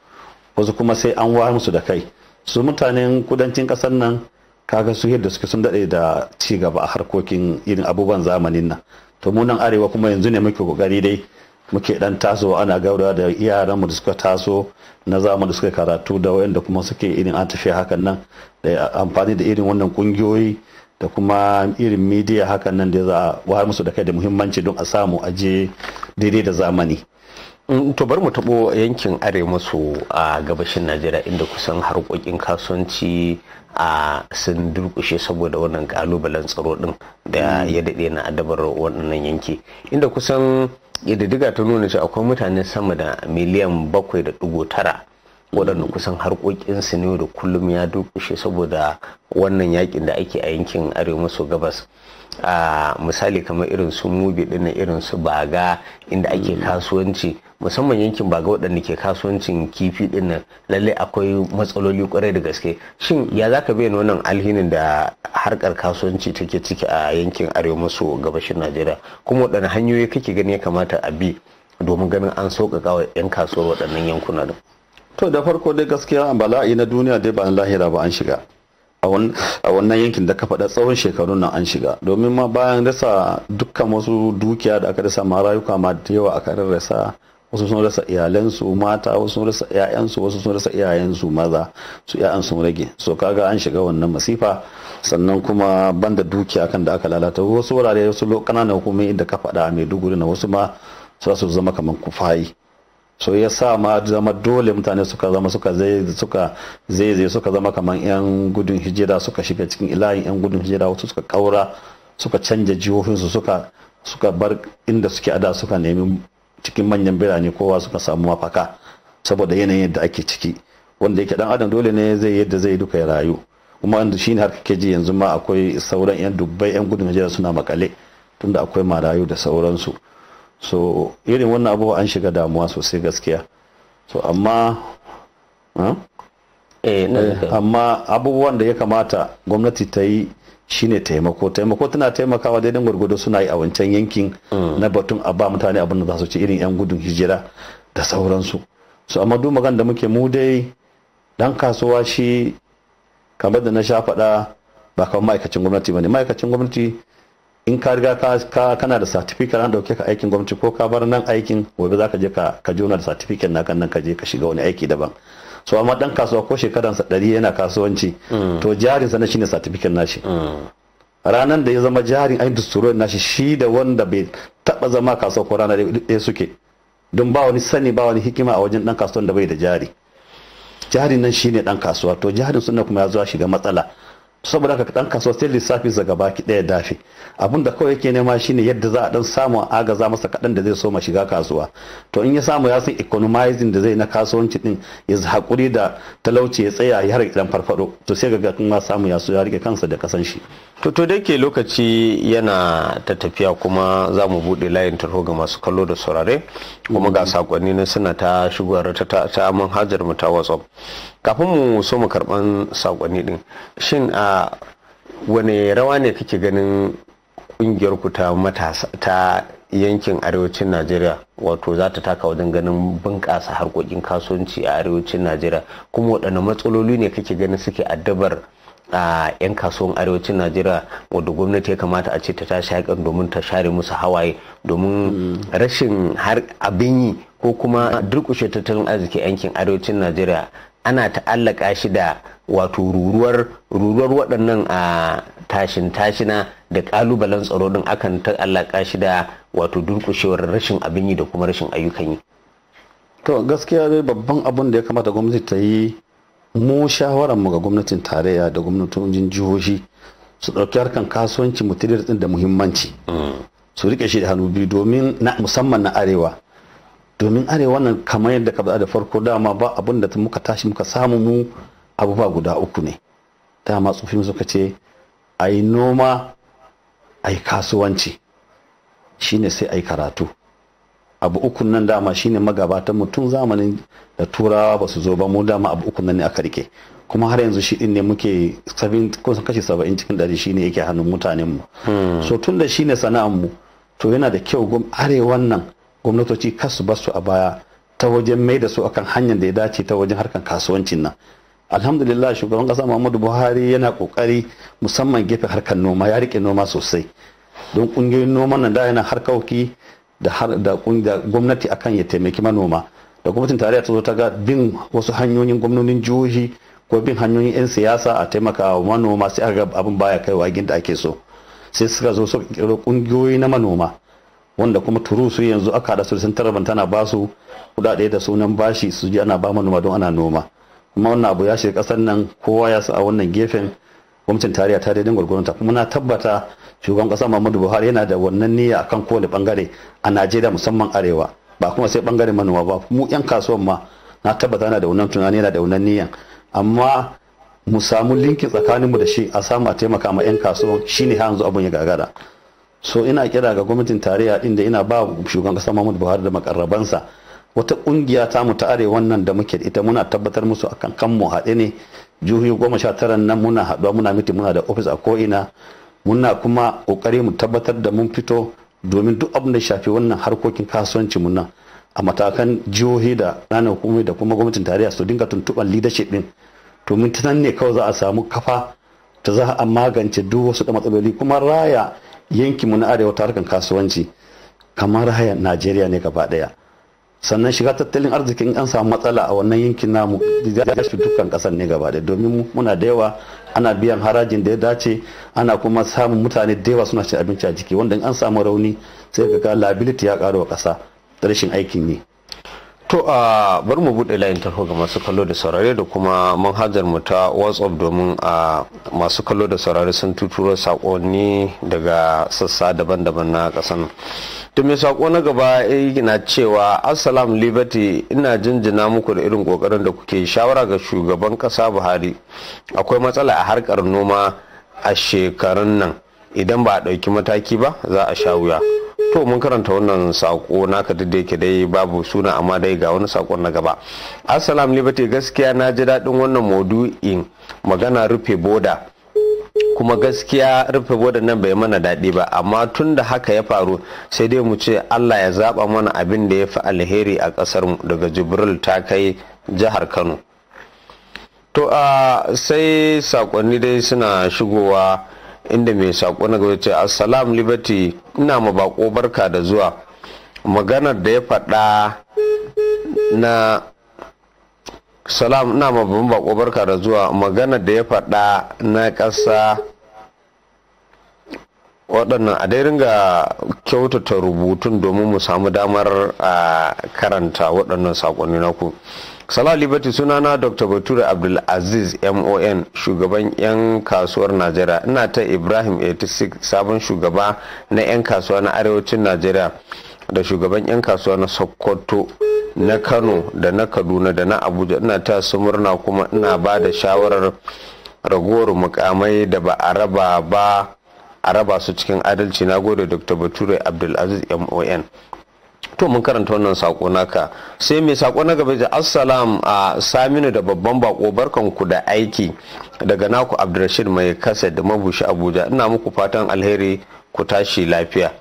wasu kuma sai an wa musu da kai su mutanen kudancin kasar nan kaga su yadda suke sun daɗe da ci gaba a harkokin irin abubuwan zamanin nan to mu nan arewa kuma yanzu ne muke kokari dai muke dan taso ana gaurawa da yaran mu da suka taso na zamu da suka karatu da wayanda kuma suke irin an tafiya hakan nan da amfani da irin wannan kungiyoyi da kuma irin midiya hakan nan da za a wahar musu da kai da muhimmanci don a samu aje daidai da zamani mm, to bar mu taɓo yankin are musu a gabashin najeriya inda kusan harkokin kasuwanci a sun durkushe saboda wannan kalubalen tsaro din da mm. ya dade na adabar wannan yanki inda kusan ƙididdiga ta nuna cewa akwai mutane sama da miliyan bakwai da dugu tara waɗanda kusan su ne da kullum ya dukushe saboda wannan yakin da ake a yankin arewa maso gabas a ah, misali kamar irin su mubi ɗin irin su baga inda ake mm. kasuwanci musamman yankin baga waɗanda ke kasuwancin kifi ɗin nan lallai akwai matsaloli kwarai da gaske shin ya za ka bayyana wannan alhinin da harkar kasuwanci take ciki a yankin arewa maso gabashin najeriya kuma waɗanne hanyoyi kake gani ya kamata a bi domin ganin an sauƙaƙa wa 'yan kasuwar waɗannan yankuna da to da farko dai gaskiya bala'i na duniya dai ba lahira ba an shiga a wannan yankin da ka faɗa tsawon shekarun nan an shiga domin ma bayan rasa dukkan wasu dukiya da aka rasa ma rayuka ma da yawa aka rasa wasu sun rasa iyalansu mata wasu sun rasa iyayensu wasu sun rasa iyayensu maza su iyayen sun rage so kaga an shiga wannan masifa sannan kuma banda dukiya kan da aka lalata wasu wurare wasu kananan hukumomi inda ka faɗa mai duguri na wasu ma su su zama kamar kufayi so ya sa ma zama dole mutane suka zama suka zai suka zai suka zama kamar yan gudun hijira suka shiga cikin ilayin yan gudun hijira wasu suka kaura suka canja jihohinsu suka suka bar inda suke ada suka nemi cikin manyan birane kowa suka samu mafaka saboda yanayin da ake ciki wanda yake dan adam dole ne zai yadda zai duka ya rayu kuma wanda shine har kake ji yanzu ma akwai sauran yan dubbai yan gudun hijira suna makale tunda akwai marayu da sauransu so irin wannan abubuwa an shiga damuwa sosai gaskiya so amma eh, eh, amma abubuwan da ya kamata gwamnati ta yi shine taimako taimako tana taimakawa daidan gwargwado suna yi a wancan yankin mm. na batun a ba mutane abin da za su ci irin yan gudun hijira da sauransu su amma duk magan da muke mu dai dan kasuwa shi kamar da na sha faɗa ba kamar ma'aikacin gwamnati ba ne ma'aikacin gwamnati in ka riga ka kana da certificate an dauke ka aikin gwamnati ko ka bar nan aikin gobe za ka je ka jona da certificate na kan nan ka je ka shiga wani aiki daban so amma dan kasuwa ko sa ɗari yana kasuwanci mm. to jarinsa na shine certificate nashi mm. ranar da ya zama jarin ainihin dusturorin nashi shi da wanda bai taba zama kasuwa ko rana ɗaya suke don ba wani sani ba wani hikima a wajen dan kasuwan da bai da jari jarin nan shine dan kasuwa to jarin sunna kuma ya zuwa shiga matsala saboda haka dan kasuwa sai lissafi za gaba ki daya dafe abinda kawai yake nema shine yadda za a dan samu za masa kadan da zai so ma shiga kasuwa to in ya samu ya san economizing da zai na kasuwanci din ya hakuri da talauci ya tsaya ya har idan farfado to sai ga kun ma samu ya so ya rike kansa da kasan shi to to da ke lokaci yana ta tafiya kuma za mu bude layin tarho ga masu kallo da saurare kuma ga sakonni na suna ta ta ta manhajar mu ta whatsapp kafin mu so mu karban sakonni din shin a wane rawa ne kake ganin kungiyar ku ta matasa ta yankin arewacin najeriya wato za ta taka wajen ganin bunƙasa harkokin kasuwanci a arewacin najeriya kuma waɗanne matsaloli ne kake ganin suke addabar a 'yan kasuwan arewacin najeriya wadda gwamnati ya kamata a ce ta tashi haƙan domin ta share musu hawaye domin mm. rashin har abin yi ko kuma durƙushe tattalin arziki yankin arewacin najeriya ana ta'allaka shi da wato ruruwar ruruwar waɗannan a tashin tashina da ƙalubalen tsaro din akan ta'allaka shi da wato durƙushewar rashin abin yi da kuma rashin ayyukan yi to gaskiya dai babban abin da ya kamata gwamnati ta yi mu shawaran mu ga gwamnatin tarayya da gwamnatin jihohi su ɗauki harkan kasuwanci mutum da muhimmanci mm. su riƙe shi da hannu biyu domin musamman na arewa domin arewa nan kamar yadda ka da farko dama ba abin da muka tashi muka samu mu abu ba guda uku ne dama tsofin suka ce a yi noma a yi kasuwanci shine sai a yi karatu abu ukun nan dama shine magabatan mutum zamanin da turawa ba su zo ba mu dama abu ukun nan ne aka rike kuma har yanzu shi ne muke kashi saba'in cikin shi ne yake hannun mutanen mu hmm. so tun da shine sana'an mu to yana da kyau gum arewan nan gwamnatoci kasu basu a baya ta wajen mai da su akan hanyar da ya dace ta wajen harkar kasuwancin nan alhamdulillah shugaban kasa muhammadu buhari yana kokari musamman gefe harkar noma ya rike noma sosai don kungiyoyin noma nan da yana harkauki da gwamnati akan ya taimaki manoma da gwamnatin tarayya ta zo ta ga bin wasu hanyoyin gwamnonin jihohi ko bin hanyoyin 'yan siyasa a taimaka wa manoma sai ga abin baya kaiwa gin da ake so sai suka zo su kungiyoyi na manoma wanda kuma turu su yanzu aka hada su sun tarban tana ba su kuɗaɗe da sunan bashi su ji ana ba manoma don ana noma kuma wannan abu ya shiga kasar nan kowa ya sa a wannan gefen gwamnatin tarayya ta daidai gwargwaronta kuma na tabbata shugaban kasa muhammadu buhari yana da wannan niyya akan kowane bangare a najeriya musamman arewa ba kuma sai bangaren manoma ba mu yan kasuwan ma na tabbata yana da wannan tunani yana da wannan niyyan amma mu samu linkin tsakaninmu da shi a samu a taimaka ma yan kasuwan shine har yanzu abun ya gagara so ina kira ga gwamnatin tarayya inda ina ba shugaban kasa Muhammadu Buhari da makarrabansa wata kungiya ta mu tare wannan da muke ita muna tabbatar musu akan kan mu haɗe ne jihohi goma sha tara nan muna haɗuwa muna miti muna da ofis a ko'ina muna kuma ƙoƙari mu tabbatar da mun fito domin duk abin da shafi wannan harkokin kasuwanci mu nan a matakan jihohi da ranar hukumomi da kuma gwamnatin tarayya su dinga tuntuɓar leadership din domin ta ne kawai za a samu kafa ta za a magance duk wasu da matsaloli kuma raya yankin mu na arewa ta harkar kasuwanci kamar haya najeriya ne gaba daya sannan shiga tattalin arzikin an samu matsala a wannan yankin namu ya shi dukkan kasar ne gaba daya domin muna da yawa ana biyan harajin da ya dace ana kuma samun mutane da yawa suna cin abinci a jiki wanda an samu rauni sai ka ga liability ya karo wa kasa rashin aikin ne to a bar mu buɗe layin tarho ga masu kallo da saurare da kuma manhajar mu ta whatsapp domin a masu kallo da saurare sun tuturo sakonni daga sassa daban-daban na ƙasan to mai sako na gaba eh, na cewa assalam liberty ina jinjina muku da irin kokarin da kuke shawara ga shugaban kasa buhari akwai matsala a harkar noma a shekarun nan idan ba a ɗauki mataki ba za a sha wuya to mun karanta wannan sako naka duk da yake dai babu suna amma dai ga wani sakon na gaba assalam liberty gaskiya na ji daɗin wannan maudu'in magana rufe boda kuma gaskiya rufe boda nan bai mana daɗi ba amma tun da haka ya faru sai dai mu ce allah ya zaɓa mana abin da ya fi alheri a ƙasar mu daga jibril ta kai jihar kano to a sai sakonni dai suna shigowa inda mai saƙo na gaba ce assalam liberty ina ma bako barka da zuwa maganar da ya faɗa na salam ina ma babban bako barka da zuwa maganar da ya faɗa na ƙasa waɗannan a dai ringa kyautata rubutun domin mu samu damar a karanta waɗannan saƙonni na ku. salah liberty sunana dr bature abdulaziz mon shugaban 'yan kasuwar najeriya ina ta ibrahim 86 sabon shugaba na 'yan kasuwa na arewacin najeriya da shugaban 'yan kasuwa na sokoto na kano da na kaduna da na abuja ina ta su murna kuma ina ba da shawarar ragowar mukamai da ba a raba ba a raba su cikin adalci na gode dr bature abdulaziz mon to mun karanta wannan sako naka sai mai sako na gaba assalam a saminu da babban bako barkan ku da aiki daga naku abdulrashid mai kasa da mabushi abuja ina muku fatan alheri ku tashi lafiya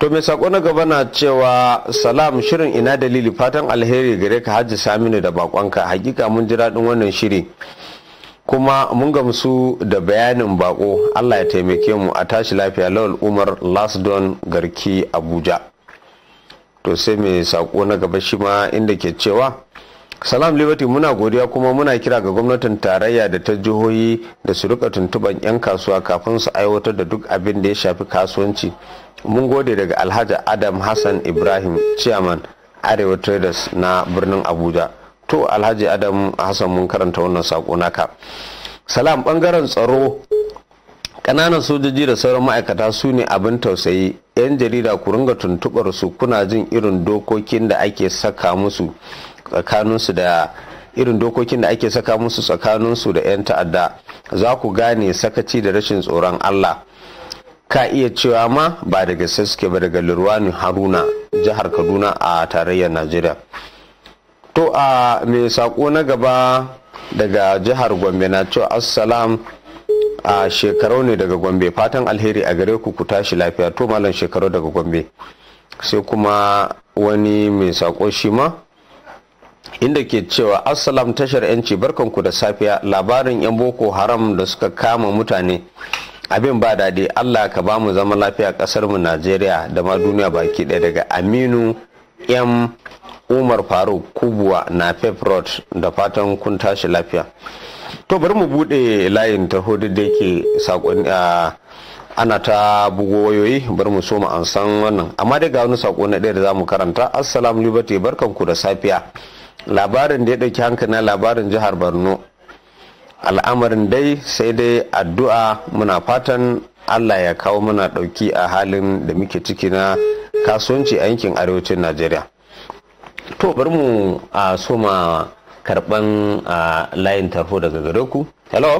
to mai sako na gaba na cewa salam shirin ina dalili fatan alheri gare ka hajji saminu da bakonka hakika mun ji daɗin wannan shiri kuma mun gamsu da bayanin bako allah ya taimake mu a tashi lafiya lawal umar lasdon garki abuja to sai mai sako na gaba shi ma inda ke cewa salam liberty muna godiya kuma muna kira ga gwamnatin tarayya da ta jihohi da su rika tuntuban 'yan kasuwa kafin su aiwatar da duk abin da ya shafi kasuwanci mun gode daga alhaji adam hassan ibrahim chairman arewa traders na birnin abuja to alhaji adam hassan mun karanta wannan sako naka salam bangaren tsaro ƙananan sojoji da sauran ma'aikata su ne abin tausayi 'yan jarida ku ringa tuntubar su kuna jin irin dokokin da ake saka musu tsakaninsu da irin dokokin da ake saka musu su da 'yan ta'adda za ku gane sakaci da rashin tsoron allah ka iya cewa ma ba daga suke ba daga lurwani haruna jihar kaduna a tarayyar najeriya to a mai sako na gaba daga jihar gombe na cewa assalam a shekaru ne daga gombe fatan alheri a gare ku ku tashi lafiya to malam shekaru daga gombe sai kuma wani mai sako shi ma inda ke cewa assalam tashar yanci barkanku da safiya labarin yan boko haram da suka kama mutane abin ba daɗi allah ka ba mu zama lafiya ƙasar mu najeriya da ma duniya baki ɗaya daga aminu m umar faruk kubuwa na pep road da fatan kun tashi lafiya to bari mu bude layin ta hudu da yake sakon ana ta bugo wayoyi bari mu so an san wannan amma dai ga wani sako na ɗaya da za mu karanta assalamu liberty ku da safiya labarin da ya ɗauki hankali labarin jihar borno al'amarin dai sai dai addu'a muna fatan allah ya kawo muna ɗauki a halin da muke ciki na kasuwanci a yankin arewacin najeriya to bari mu a soma karban layin tarho daga gare ku hello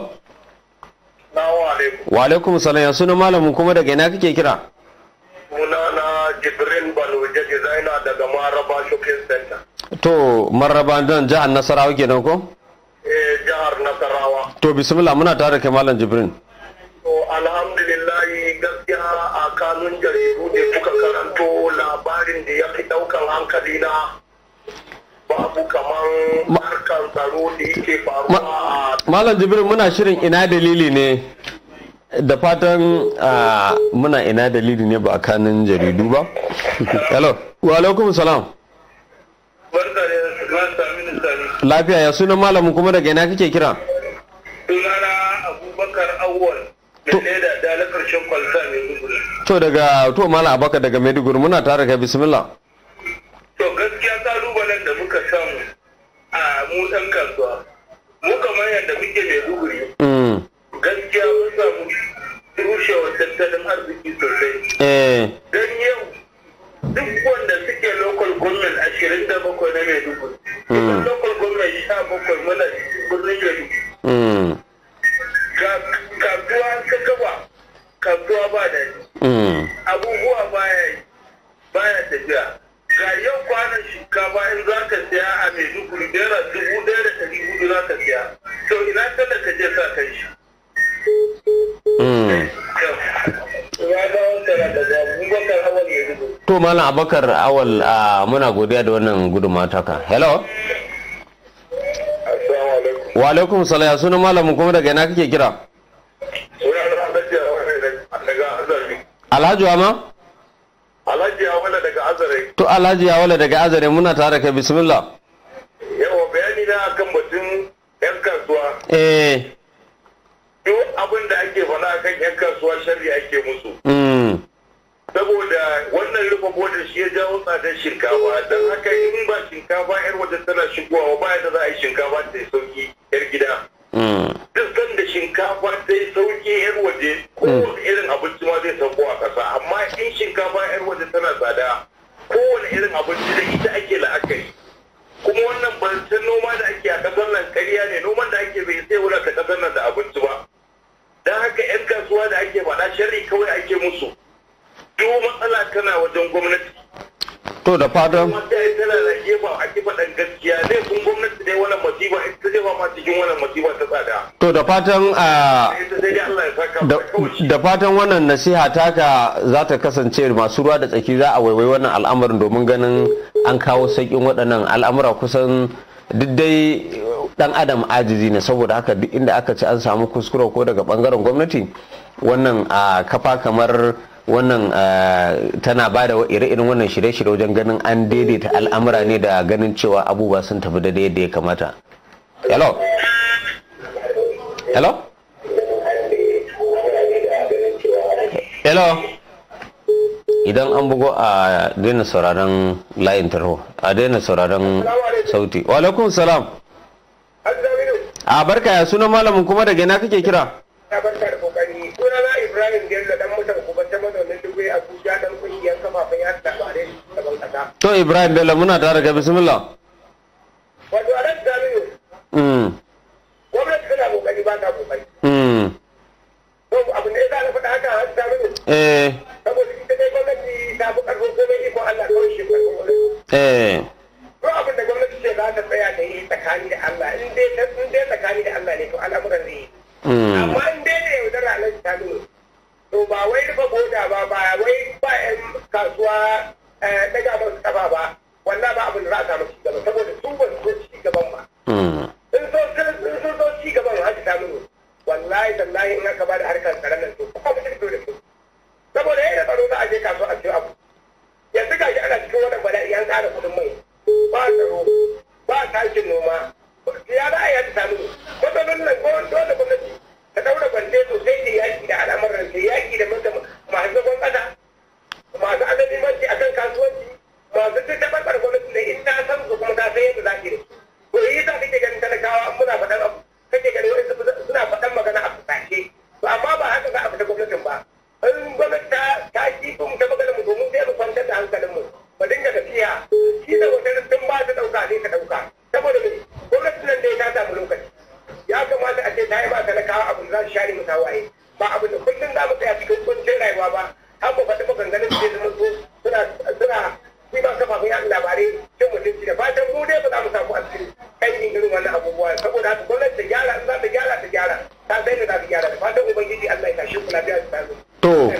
wa alaikum salam ya suna malamin kuma daga ina kake kira Munana jibrin Baloje designer daga maraba shopping center to maraba don jihar nasarawa nan ko eh jihar nasarawa to bismillah muna tare kai malam jibrin to alhamdulillah gaskiya a kanun jaridu ne kuka karanto labarin da ya fi daukan hankali na babu kamar harkar tsaro da yake faruwa malam jibril muna shirin ina dalili ne da fatan muna ina dalili ne ba kanin jaridu ba hello wa alaikum salam lafiya ya sunan malamin kuma daga ina kake kira sunana abubakar awwal da na karshen kwalta maiduguri to daga to malam abubakar daga maiduguri muna tare ka bismillah to gaskiya mu ɗan kasuwa mu kamar yadda muke Maiduguri abubakar awal muna godiya da wannan guduma taka hello wa alaikum salam sunan malamin kuma daga ina kake kira alhaji ma alhaji wala daga azare to alhaji wala daga azare muna tare ka bismillah yawa bayani na akan batun yan kasuwa eh da to da fatan ah, da fatan wannan nasiha taka za ta kasance masu ruwa da tsaki za a waiwai wannan al'amarin domin ganin an kawo sauƙin waɗannan al'amura kusan duk dai dan adam ajizi ne saboda haka duk inda aka ci an samu kuskure ko daga bangaren gwamnati wannan a ah, kafa kamar wannan tana ba da ire-iren wannan shirye-shirye wajen ganin an daidaita al'amura ne da ganin cewa abubuwa sun tafi da yadda ya kamata hello hello hello idan an bugo a daina sauraron layin taro a daina sauraron sauti walaikun salam a barka ya suna malamin kuma daga ina kake kira ibrahim to ibrahim bello muna tare ka bismillah wato a nan zamiyo gwamnati tana kokari ba ta kokari abu ne za ka faɗa haka a nan zamiyo saboda ita dai gwamnati ta fi karfin komai iko allah kawai shi karfin ko abin da gwamnati ce za ta tsaya da yi tsakani da allah in dai tsakani da allah ne to al'amuran zai yi amma in dai da yaudara a nan zamiyo to ba wai rufe boda ba ba wai ba yan kasuwa eh, daga masu kafa ba wannan ba abin da za a samu cigaba saboda su ba su ci gaban ba. Hmm. In sun so ci gaban haka ta nuna wallahi tallahi in aka ba da harkar tsaron nan to kuma mutum da su. Saboda yadda tsaro za a je kasuwa a siyo abu. Yanzu ga shi ana cikin wannan bala'i an tsara kuɗin mai ba tsaro ba tashin noma. Ya za a yi haka ta nuna. Matsalolin nan ko dole gwamnati ka daura kwante sosai da yaki da al'amuran da yaki da masu zagon kasa masu azabin mace a kan kasuwanci masu duk da barbar gwamnati da in ta san su kuma ta san yadda za ki da ko yi sa kake ganin talakawa muna faɗan abu kake ganin wani suna faɗan magana a fusashe to amma ba haka za a fita gwamnatin ba in gwamnati ta ta ki kun ta magana mu domin sai mu kwantar da hankalin mu ba dinga tafiya shi da wata tun ba ta ɗauka ne ka ɗauka za su share mu waye ba abu da kullum za mu tsaya cikin kuncin rayuwa ba har mu faɗi maganganun da zai zo suna suna shi ba kafafen yaɗa labarai cin mutunci da fatan mu dai ba za mu samu asiri kai yin irin wannan abubuwa saboda haka gwamnati ta gyara in za ta gyara ta gyara ta sai da za ta gyara da fatan ubangiji Allah ya tashi kula da ta To,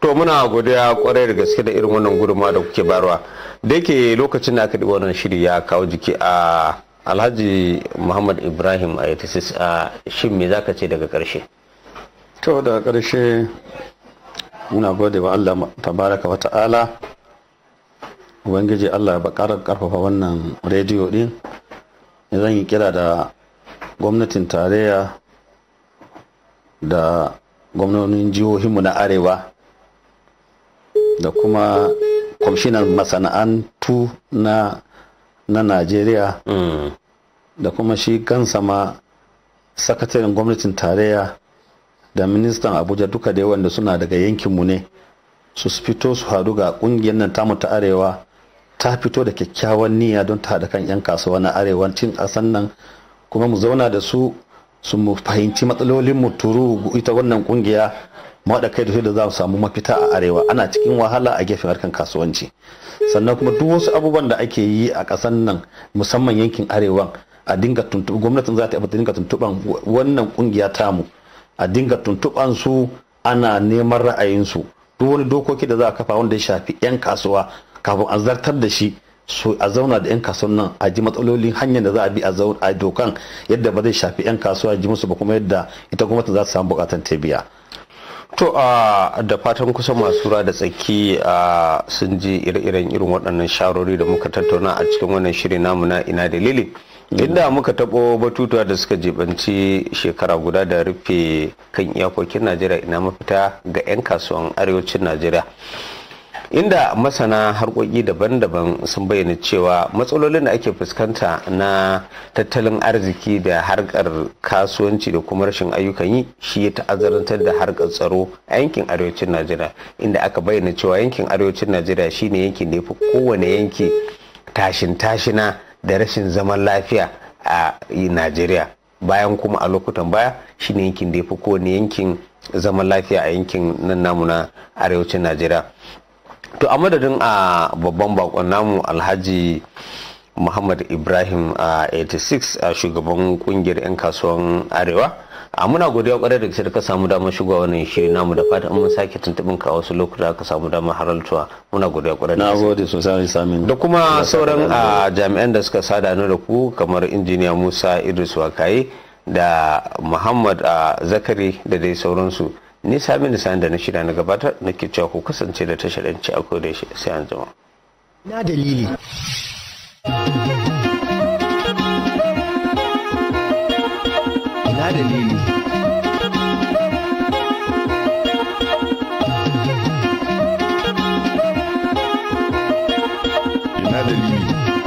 to muna godiya kwarai da gaske da irin wannan gudunmawa da kuke barwa da yake lokacin da aka ɗi wannan shiri ya kawo jiki a alhaji muhammad ibrahim a a shin me zaka ce daga karshe to daga karshe muna gode wa allah tabaraka wa ta'ala ubangiji allah ba karar karfafa wannan rediyo din zan yi kira da gwamnatin tarayya da gwamnonin jihohinmu na arewa da kuma kwamishinan masana'antu na na najeriya mm. da kuma shi kansa ma sakataren gwamnatin tarayya da ministan abuja duka da wanda suna daga yankinmu ne su fito su hadu ga kungiyar nan tamu ta arewa ta fito da kyakkyawan niyya don ta haɗa kan 'yan kasuwa na arewacin ƙasan nan kuma mu zauna da su su mu fahimci matsalolin mu turu ita wannan kungiya mada kai da su da za mu samu mafita a arewa ana cikin wahala a gefen harkan kasuwanci sannan kuma duk wasu abubuwan da ake yi a ƙasan nan musamman yankin arewa a dinga tuntuɓa gwamnatin za ta dinga tuntuɓan wannan ƙungiya tamu a dinga tuntuɓan su ana neman ra'ayinsu duk wani dokoki da za a kafa wanda ya shafi 'yan kasuwa kafin a zartar da shi so a zauna da 'yan kasuwan nan a ji matsalolin hanyar da za a bi a dokan yadda ba zai shafi 'yan kasuwa ji musu ba kuma yadda ita gwamnati za ta samu bukatan ta biya to a da fatan kusa masu da tsaki a sun ji ire-iren irin waɗannan sharori da muka tattauna a cikin wannan shirin namu na ina dalili inda muka taɓo batutuwa da suka jibanci shekara guda da rufe kan iyakokin najeriya ina mafita ga 'yan kasuwan arewacin najeriya inda masana harkoki daban-daban sun bayyana cewa matsalolin da ake fuskanta na tattalin arziki da harkar kasuwanci da kuma rashin ayyukan yi shi ya ta'azzarantar da harkar tsaro a yankin arewacin najeriya inda aka bayyana cewa yankin arewacin najeriya shine yankin da ya fi kowane yanki tashin tashina da rashin zaman lafiya a najeriya bayan kuma a lokutan baya shine yankin da ya fi kowane yankin zaman lafiya a yankin nan namu arewacin najeriya to a madadin a babban bakon namu alhaji muhammad ibrahim a 86 a shugaban kungiyar 'yan kasuwan arewa a muna godiya kwarai da da ka samu damar shigowa wannan shirin namu da fatan mun sake tuntuɓin ka wasu lokuta ka samu damar haraltuwa muna godiya kwarai da gode sosai samin da kuma sauran a jami'an da suka sada ni da ku kamar injiniya Musa Idris Wakaye da Muhammad a Zakari da dai sauransu ni sami nisan da na shida na gabatar ke cewa ku kasance da tashar yanci a shi sai an zama. na dalili na dalili na dalili